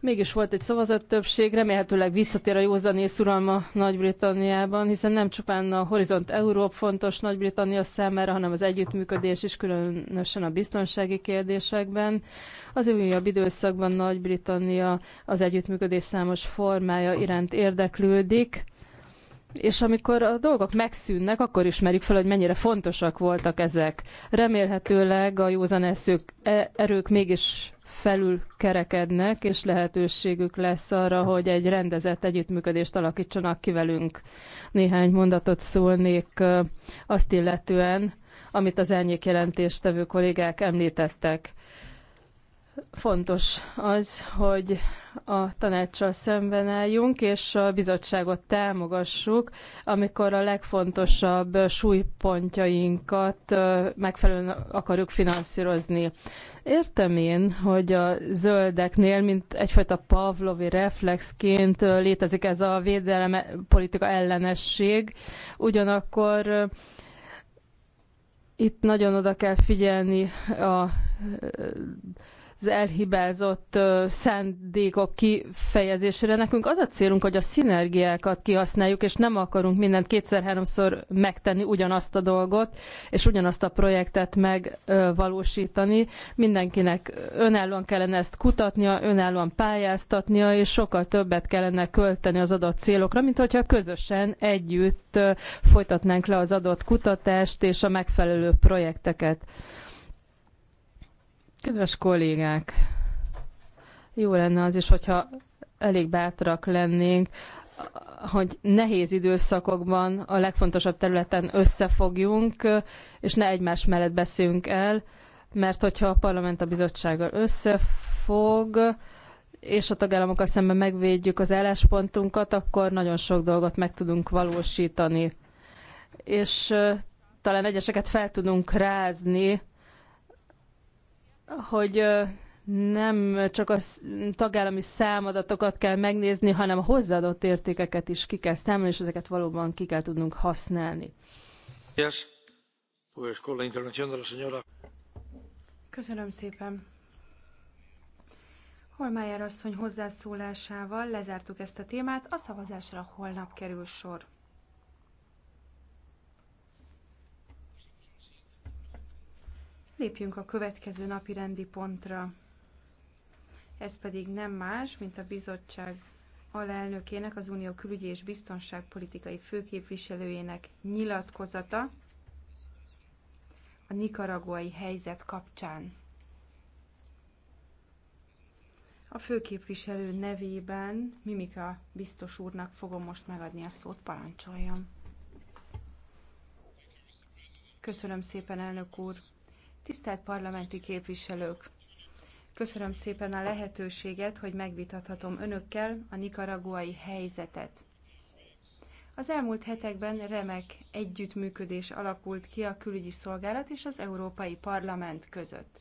Mégis volt egy szavazat többség, remélhetőleg visszatér a józan ész uralma Nagy-Britanniában, hiszen nem csupán a Horizont Európ fontos Nagy-Britannia számára, hanem az együttműködés is, különösen a biztonsági kérdésekben. Az újabb időszakban Nagy-Britannia az együttműködés számos formája iránt érdeklődik, és amikor a dolgok megszűnnek, akkor ismerik fel, hogy mennyire fontosak voltak ezek. Remélhetőleg a józan eszők, e-, erők mégis felül kerekednek, és lehetőségük lesz arra, hogy egy rendezett együttműködést alakítsanak ki velünk. Néhány mondatot szólnék azt illetően, amit az elnyék jelentéstevő kollégák említettek. Fontos az, hogy a tanácssal szemben álljunk, és a bizottságot támogassuk, amikor a legfontosabb súlypontjainkat megfelelően akarjuk finanszírozni. Értem én, hogy a zöldeknél, mint egyfajta pavlovi reflexként létezik ez a védelem politika ellenesség, ugyanakkor itt nagyon oda kell figyelni a az elhibázott szándékok kifejezésére. Nekünk az a célunk, hogy a szinergiákat kihasználjuk, és nem akarunk mindent kétszer-háromszor megtenni ugyanazt a dolgot, és ugyanazt a projektet megvalósítani. Mindenkinek önállóan kellene ezt kutatnia, önállóan pályáztatnia, és sokkal többet kellene költeni az adott célokra, mint hogyha közösen együtt folytatnánk le az adott kutatást és a megfelelő projekteket. Kedves kollégák, jó lenne az is, hogyha elég bátrak lennénk, hogy nehéz időszakokban a legfontosabb területen összefogjunk, és ne egymás mellett beszéljünk el, mert hogyha a parlament a bizottsággal összefog, és a tagállamokkal szemben megvédjük az álláspontunkat, akkor nagyon sok dolgot meg tudunk valósítani. És talán egyeseket fel tudunk rázni, hogy nem csak a tagállami számadatokat kell megnézni, hanem a hozzáadott értékeket is ki kell számolni, és ezeket valóban ki kell tudnunk használni. Köszönöm szépen. Holmájár asszony hozzászólásával lezártuk ezt a témát, a szavazásra holnap kerül sor. Lépjünk a következő napi rendi pontra. Ez pedig nem más, mint a bizottság alelnökének, az Unió külügyi és biztonságpolitikai főképviselőjének nyilatkozata a nikaraguai helyzet kapcsán. A főképviselő nevében Mimika biztos úrnak fogom most megadni a szót, parancsoljam. Köszönöm szépen, elnök úr! Tisztelt parlamenti képviselők! Köszönöm szépen a lehetőséget, hogy megvitathatom önökkel a nikaraguai helyzetet. Az elmúlt hetekben remek együttműködés alakult ki a külügyi szolgálat és az Európai Parlament között.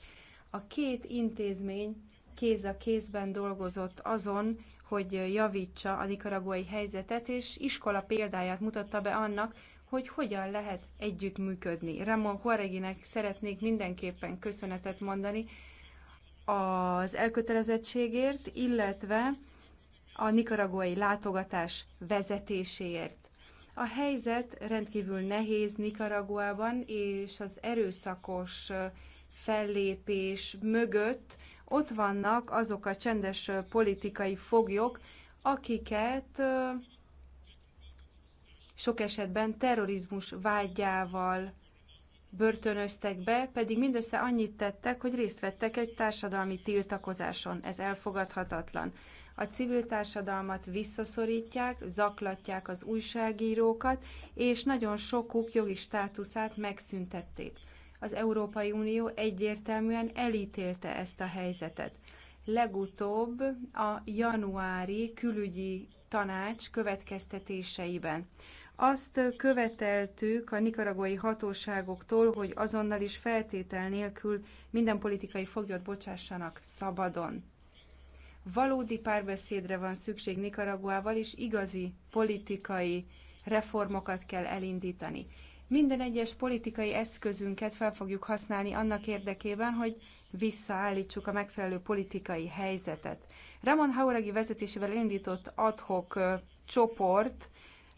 A két intézmény kéz a kézben dolgozott azon, hogy javítsa a nikaraguai helyzetet, és iskola példáját mutatta be annak, hogy hogyan lehet együttműködni. Ramon Huareginek szeretnék mindenképpen köszönetet mondani az elkötelezettségért, illetve a nikaraguai látogatás vezetéséért. A helyzet rendkívül nehéz Nikaraguában, és az erőszakos fellépés mögött ott vannak azok a csendes politikai foglyok, akiket sok esetben terrorizmus vágyával börtönöztek be, pedig mindössze annyit tettek, hogy részt vettek egy társadalmi tiltakozáson. Ez elfogadhatatlan. A civil társadalmat visszaszorítják, zaklatják az újságírókat, és nagyon sokuk jogi státuszát megszüntették. Az Európai Unió egyértelműen elítélte ezt a helyzetet. Legutóbb a januári külügyi tanács következtetéseiben. Azt követeltük a nikaragói hatóságoktól, hogy azonnal is feltétel nélkül minden politikai foglyot bocsássanak szabadon. Valódi párbeszédre van szükség Nikaraguával, és igazi politikai reformokat kell elindítani. Minden egyes politikai eszközünket fel fogjuk használni annak érdekében, hogy visszaállítsuk a megfelelő politikai helyzetet. Ramon Hauregi vezetésével indított adhok csoport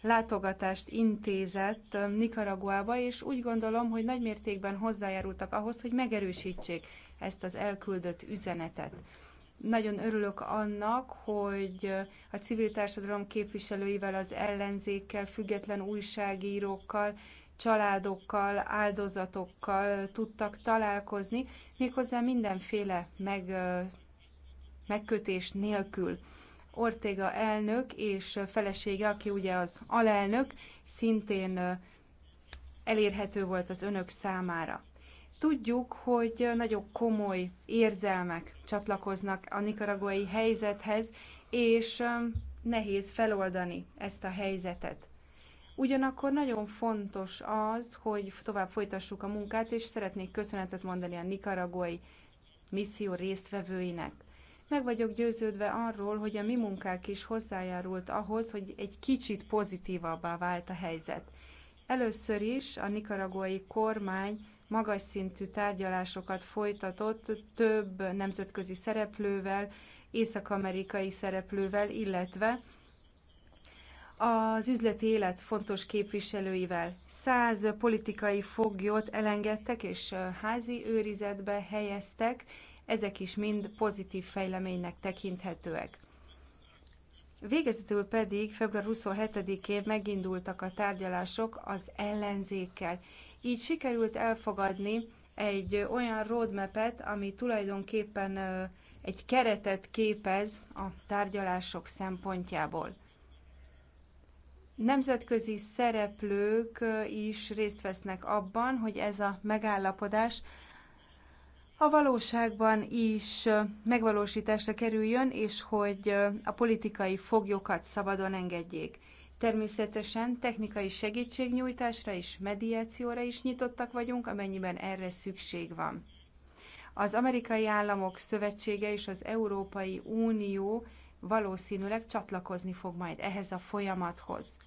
látogatást intézett Nikaraguába, és úgy gondolom, hogy nagymértékben hozzájárultak ahhoz, hogy megerősítsék ezt az elküldött üzenetet. Nagyon örülök annak, hogy a civil társadalom képviselőivel, az ellenzékkel, független újságírókkal, családokkal, áldozatokkal tudtak találkozni, méghozzá mindenféle meg, megkötés nélkül. Ortega elnök és felesége, aki ugye az alelnök, szintén elérhető volt az önök számára. Tudjuk, hogy nagyon komoly érzelmek csatlakoznak a nikaraguai helyzethez, és nehéz feloldani ezt a helyzetet. Ugyanakkor nagyon fontos az, hogy tovább folytassuk a munkát, és szeretnék köszönetet mondani a nikaraguai misszió résztvevőinek. Meg vagyok győződve arról, hogy a mi munkák is hozzájárult ahhoz, hogy egy kicsit pozitívabbá vált a helyzet. Először is a nikaraguai kormány magas szintű tárgyalásokat folytatott több nemzetközi szereplővel, észak-amerikai szereplővel, illetve az üzleti élet fontos képviselőivel. Száz politikai foglyot elengedtek és házi őrizetbe helyeztek, ezek is mind pozitív fejleménynek tekinthetőek. Végezetül pedig február 27-én megindultak a tárgyalások az ellenzékkel. Így sikerült elfogadni egy olyan roadmap-et, ami tulajdonképpen egy keretet képez a tárgyalások szempontjából. Nemzetközi szereplők is részt vesznek abban, hogy ez a megállapodás a valóságban is megvalósításra kerüljön, és hogy a politikai foglyokat szabadon engedjék. Természetesen technikai segítségnyújtásra és mediációra is nyitottak vagyunk, amennyiben erre szükség van. Az amerikai államok szövetsége és az Európai Unió valószínűleg csatlakozni fog majd ehhez a folyamathoz.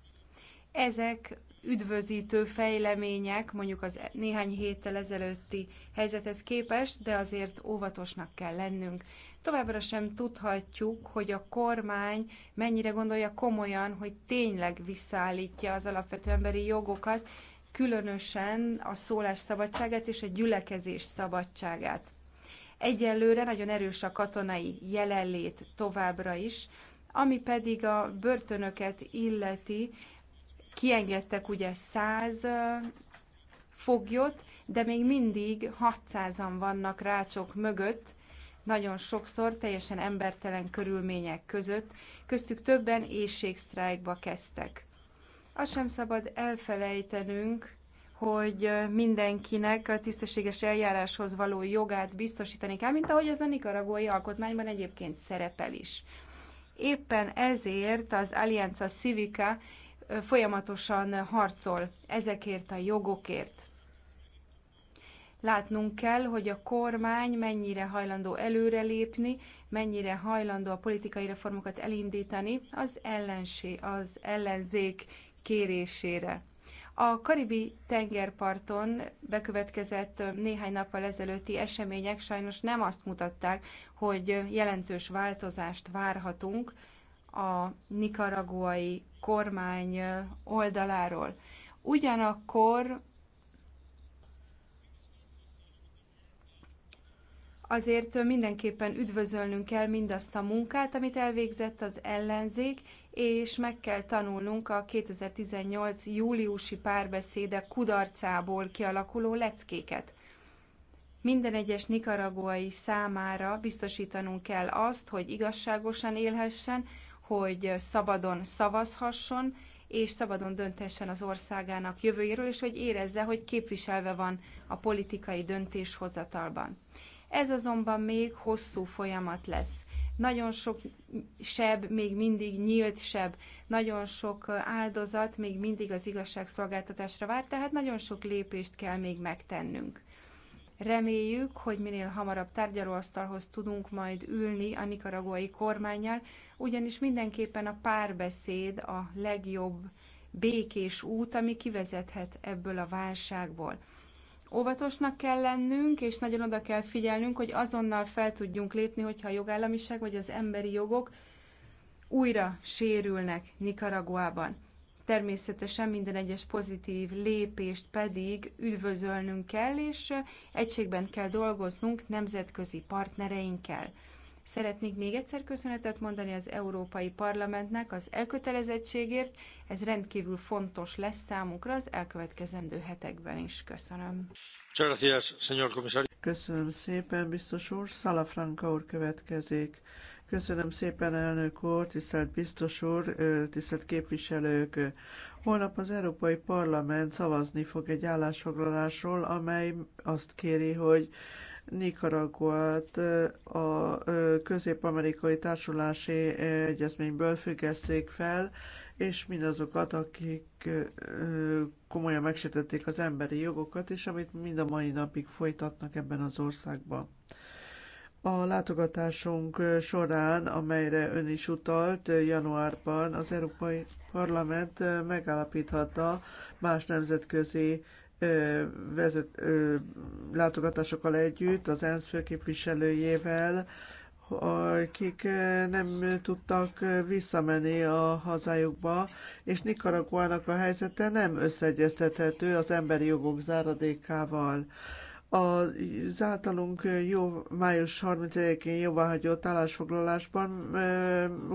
Ezek üdvözítő fejlemények, mondjuk az néhány héttel ezelőtti helyzethez képest, de azért óvatosnak kell lennünk. Továbbra sem tudhatjuk, hogy a kormány mennyire gondolja komolyan, hogy tényleg visszaállítja az alapvető emberi jogokat, különösen a szólás szabadságát és a gyülekezés szabadságát. Egyelőre nagyon erős a katonai jelenlét továbbra is, ami pedig a börtönöket illeti, Kiengedtek ugye 100 foglyot, de még mindig 600-an vannak rácsok mögött, nagyon sokszor teljesen embertelen körülmények között, köztük többen éjségsztrájkba kezdtek. Azt sem szabad elfelejtenünk, hogy mindenkinek a tisztességes eljáráshoz való jogát biztosítani kell, mint ahogy az a nikaragói alkotmányban egyébként szerepel is. Éppen ezért az Alianza Civica folyamatosan harcol ezekért a jogokért. Látnunk kell, hogy a kormány mennyire hajlandó előrelépni, mennyire hajlandó a politikai reformokat elindítani az, ellensé, az ellenzék kérésére. A karibi tengerparton bekövetkezett néhány nappal ezelőtti események sajnos nem azt mutatták, hogy jelentős változást várhatunk a nikaraguai kormány oldaláról. Ugyanakkor azért mindenképpen üdvözölnünk kell mindazt a munkát, amit elvégzett az ellenzék, és meg kell tanulnunk a 2018. júliusi párbeszéde kudarcából kialakuló leckéket. Minden egyes nikaraguai számára biztosítanunk kell azt, hogy igazságosan élhessen, hogy szabadon szavazhasson, és szabadon döntessen az országának jövőjéről, és hogy érezze, hogy képviselve van a politikai döntéshozatalban. Ez azonban még hosszú folyamat lesz. Nagyon sok seb, még mindig nyílt seb, nagyon sok áldozat még mindig az igazságszolgáltatásra vár, tehát nagyon sok lépést kell még megtennünk. Reméljük, hogy minél hamarabb tárgyalóasztalhoz tudunk majd ülni a nikaraguai kormányjal, ugyanis mindenképpen a párbeszéd a legjobb békés út, ami kivezethet ebből a válságból. Óvatosnak kell lennünk, és nagyon oda kell figyelnünk, hogy azonnal fel tudjunk lépni, hogyha a jogállamiság vagy az emberi jogok újra sérülnek Nikaraguában. Természetesen minden egyes pozitív lépést pedig üdvözölnünk kell, és egységben kell dolgoznunk nemzetközi partnereinkkel. Szeretnék még egyszer köszönetet mondani az Európai Parlamentnek az elkötelezettségért. Ez rendkívül fontos lesz számukra az elkövetkezendő hetekben is. Köszönöm. Köszönöm szépen, biztos úr. Salafranca úr következik. Köszönöm szépen, elnök úr, tisztelt biztos úr, tisztelt képviselők! Holnap az Európai Parlament szavazni fog egy állásfoglalásról, amely azt kéri, hogy Nikaraguát a közép-amerikai társulási egyezményből függesszék fel, és mindazokat, akik komolyan megsértették az emberi jogokat, és amit mind a mai napig folytatnak ebben az országban. A látogatásunk során, amelyre ön is utalt, januárban az Európai Parlament megállapíthatta más nemzetközi vezet, látogatásokkal együtt, az ENSZ főképviselőjével, akik nem tudtak visszamenni a hazájukba, és Nikaraguának a helyzete nem összeegyeztethető az emberi jogok záradékával. Az általunk jó, május 31-én hagyott állásfoglalásban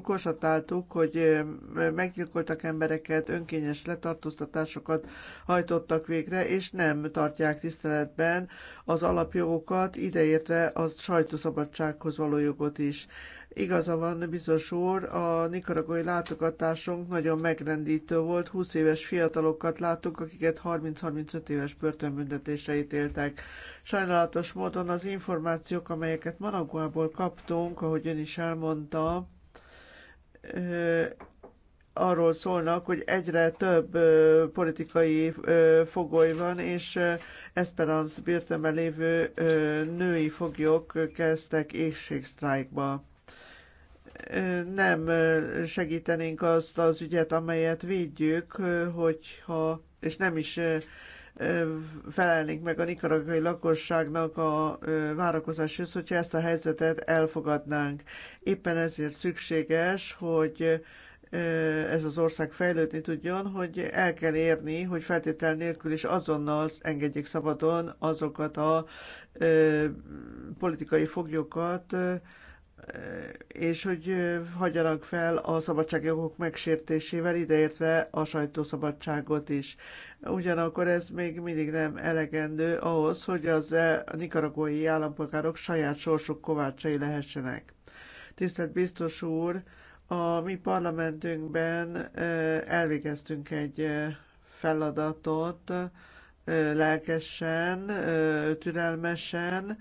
korsatáltuk, hogy meggyilkoltak embereket, önkényes letartóztatásokat hajtottak végre, és nem tartják tiszteletben az alapjogokat, ideértve a sajtószabadsághoz való jogot is. Igaza van, biztos úr, a nikaragói látogatásunk nagyon megrendítő volt. 20 éves fiatalokat láttunk, akiket 30-35 éves börtönbüntetésre ítéltek. Sajnálatos módon az információk, amelyeket Managuából kaptunk, ahogy ön is elmondta, arról szólnak, hogy egyre több politikai fogoly van, és Esperance börtönben lévő női foglyok kezdtek éjségsztrájkba nem segítenénk azt az ügyet, amelyet védjük, hogyha, és nem is felelnénk meg a nikaragai lakosságnak a várakozáshoz, hogyha ezt a helyzetet elfogadnánk. Éppen ezért szükséges, hogy ez az ország fejlődni tudjon, hogy el kell érni, hogy feltétel nélkül is azonnal engedjék szabadon azokat a politikai foglyokat, és hogy hagyjanak fel a szabadságjogok megsértésével, ideértve a sajtószabadságot is. Ugyanakkor ez még mindig nem elegendő ahhoz, hogy az e, a nikaragói állampolgárok saját sorsuk kovácsai lehessenek. Tisztelt biztos úr, a mi parlamentünkben elvégeztünk egy feladatot lelkesen, türelmesen,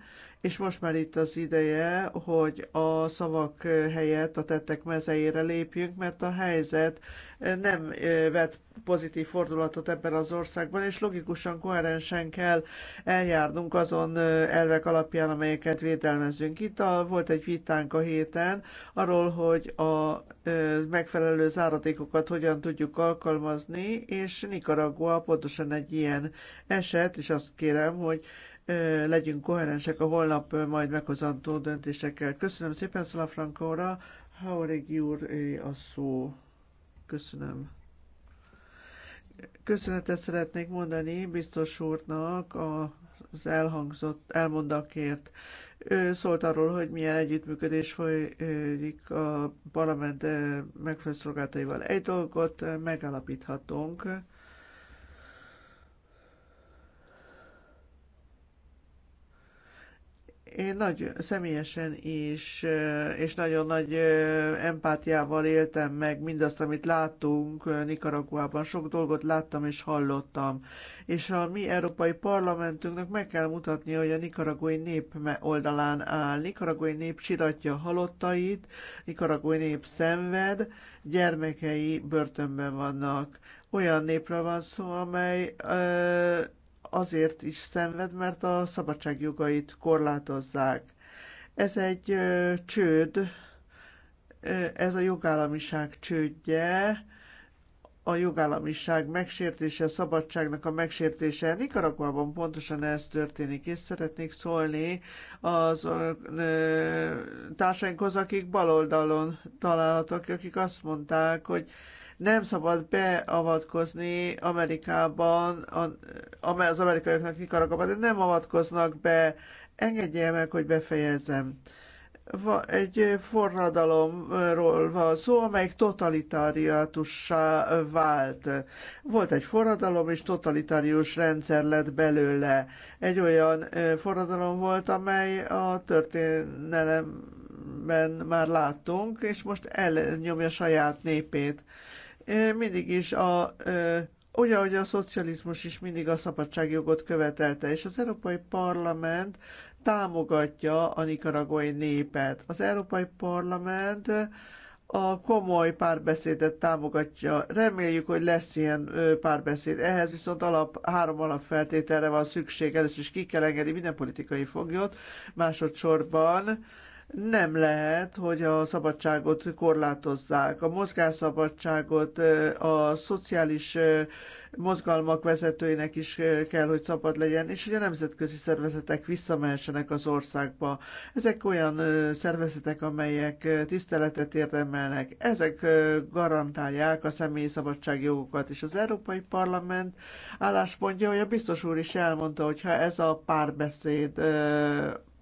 és most már itt az ideje, hogy a szavak helyett a tettek mezeire lépjünk, mert a helyzet nem vett pozitív fordulatot ebben az országban, és logikusan, koherensen kell eljárnunk azon elvek alapján, amelyeket védelmezünk. Itt a, volt egy vitánk a héten arról, hogy a megfelelő záratékokat hogyan tudjuk alkalmazni, és Nicaragua pontosan egy ilyen eset, és azt kérem, hogy legyünk koherensek a holnap majd meghozantó döntésekkel. Köszönöm szépen Szalafrankóra, Haurig Júr a szó. Köszönöm. Köszönetet szeretnék mondani biztos úrnak az elhangzott elmondakért. Ő szólt arról, hogy milyen együttműködés folyik a parlament megfelelő szolgáltaival. Egy dolgot megalapíthatunk, Én nagy személyesen is, és nagyon nagy empátiával éltem meg mindazt, amit láttunk Nikaraguában. Sok dolgot láttam és hallottam. És a mi Európai Parlamentünknek meg kell mutatni, hogy a nikaragói nép oldalán áll. Nikaragói nép csiratja halottait, nikaragói nép szenved, gyermekei börtönben vannak. Olyan népről van szó, amely ö, azért is szenved, mert a szabadságjogait korlátozzák. Ez egy csőd, ez a jogállamiság csődje, a jogállamiság megsértése, a szabadságnak a megsértése. Nikaraguában pontosan ez történik, és szeretnék szólni az társainkhoz, akik baloldalon találhatók, akik azt mondták, hogy nem szabad beavatkozni Amerikában, az amerikaiaknak Nikaragában, de nem avatkoznak be. Engedje meg, hogy befejezzem egy forradalomról van szó, amelyik totalitáriátussá vált. Volt egy forradalom, és totalitárius rendszer lett belőle. Egy olyan forradalom volt, amely a történelemben már láttunk, és most elnyomja saját népét mindig is a ugyanúgy a szocializmus is mindig a szabadságjogot követelte, és az Európai Parlament támogatja a nikaragói népet. Az Európai Parlament a komoly párbeszédet támogatja. Reméljük, hogy lesz ilyen párbeszéd. Ehhez viszont alap, három alapfeltételre van szükség. Először is ki kell engedni minden politikai foglyot, másodszorban nem lehet, hogy a szabadságot korlátozzák. A mozgásszabadságot a szociális mozgalmak vezetőinek is kell, hogy szabad legyen, és hogy a nemzetközi szervezetek visszamehessenek az országba. Ezek olyan szervezetek, amelyek tiszteletet érdemelnek. Ezek garantálják a személyi szabadságjogokat, és az Európai Parlament álláspontja, hogy a biztos úr is elmondta, hogy ha ez a párbeszéd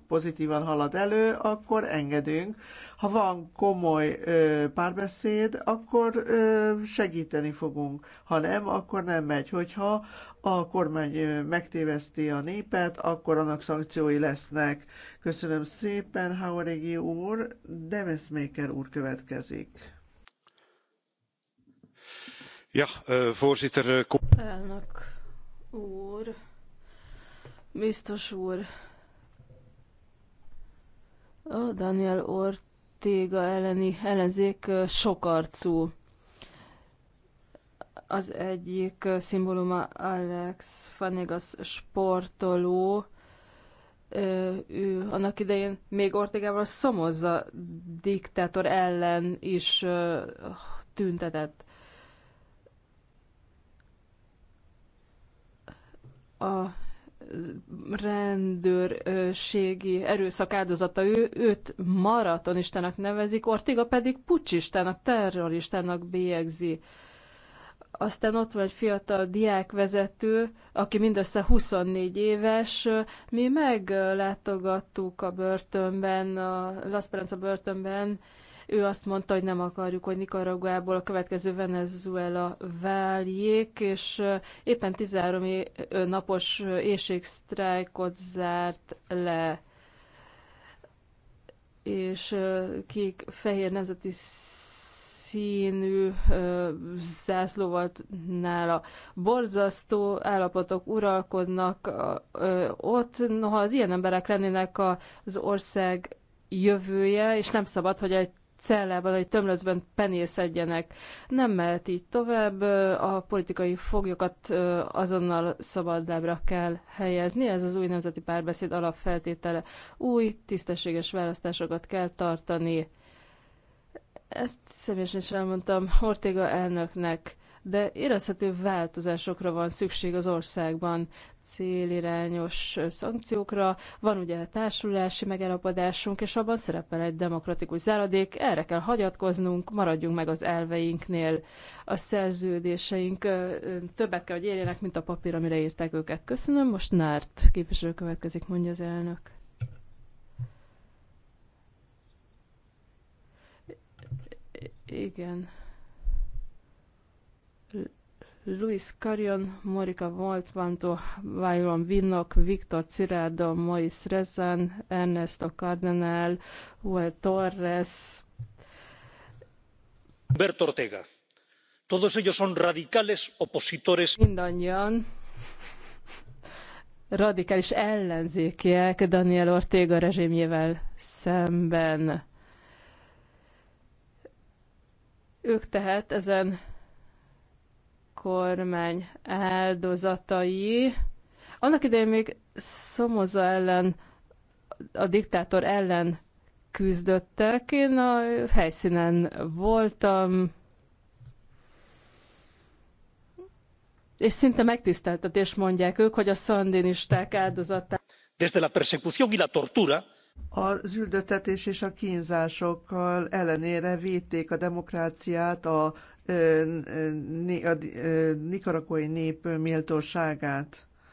pozitívan halad elő, akkor engedünk. Ha van komoly ö, párbeszéd, akkor ö, segíteni fogunk. Ha nem, akkor nem megy. Hogyha a kormány ö, megtéveszti a népet, akkor annak szankciói lesznek. Köszönöm szépen, Hauregi úr. Demeszméker úr következik. Ja, voorzitter. Elnök úr, biztos úr, a Daniel Ortega elleni ellenzék sokarcú. Az egyik szimbóluma Alex Fanegas sportoló, ő annak idején még Ortegával Szomozza diktátor ellen is tüntetett. A rendőrségi erőszak áldozata ő, őt maratonistának nevezik, Ortiga pedig pucsistának, terroristának bélyegzi. Aztán ott van egy fiatal diákvezető, aki mindössze 24 éves. Mi meglátogattuk a börtönben, a Las Perenza börtönben, ő azt mondta, hogy nem akarjuk, hogy Nicaraguából a következő Venezuela váljék, és éppen 13 napos éjségsztrájkot zárt le és kék, fehér nemzeti színű zászlóval nála. Borzasztó állapotok uralkodnak ott, noha az ilyen emberek lennének az ország jövője, és nem szabad, hogy egy cellában vagy tömlözben penészedjenek. Nem mehet így tovább, a politikai foglyokat azonnal szabadlábra kell helyezni, ez az új nemzeti párbeszéd alapfeltétele. Új, tisztességes választásokat kell tartani. Ezt személyesen is elmondtam Ortega elnöknek de érezhető változásokra van szükség az országban, célirányos szankciókra. Van ugye a társulási megállapodásunk, és abban szerepel egy demokratikus záradék, erre kell hagyatkoznunk, maradjunk meg az elveinknél. A szerződéseink többet kell, hogy érjenek, mint a papír, amire írták őket. Köszönöm, most Nárt képviselő következik, mondja az elnök. Igen. Luis Carrion, Morika Voltvanto, Vájon Vinnok, Viktor Ciráda, Mois Rezan, Ernesto Cardenal, Huel Torres. Bert Ortega. Todos ellos son radicales opositores. Mindannyian radikális ellenzékiek Daniel Ortega rezsimjével szemben. Ők tehát ezen kormány áldozatai. Annak idején még Szomoza ellen, a diktátor ellen küzdöttek. Én a helyszínen voltam, és szinte megtiszteltetés mondják ők, hogy a szandinisták áldozatá. Desde la persecución y la tortura, az üldöztetés és a kínzásokkal ellenére védték a demokráciát, a a nikaraguai nép méltóságát.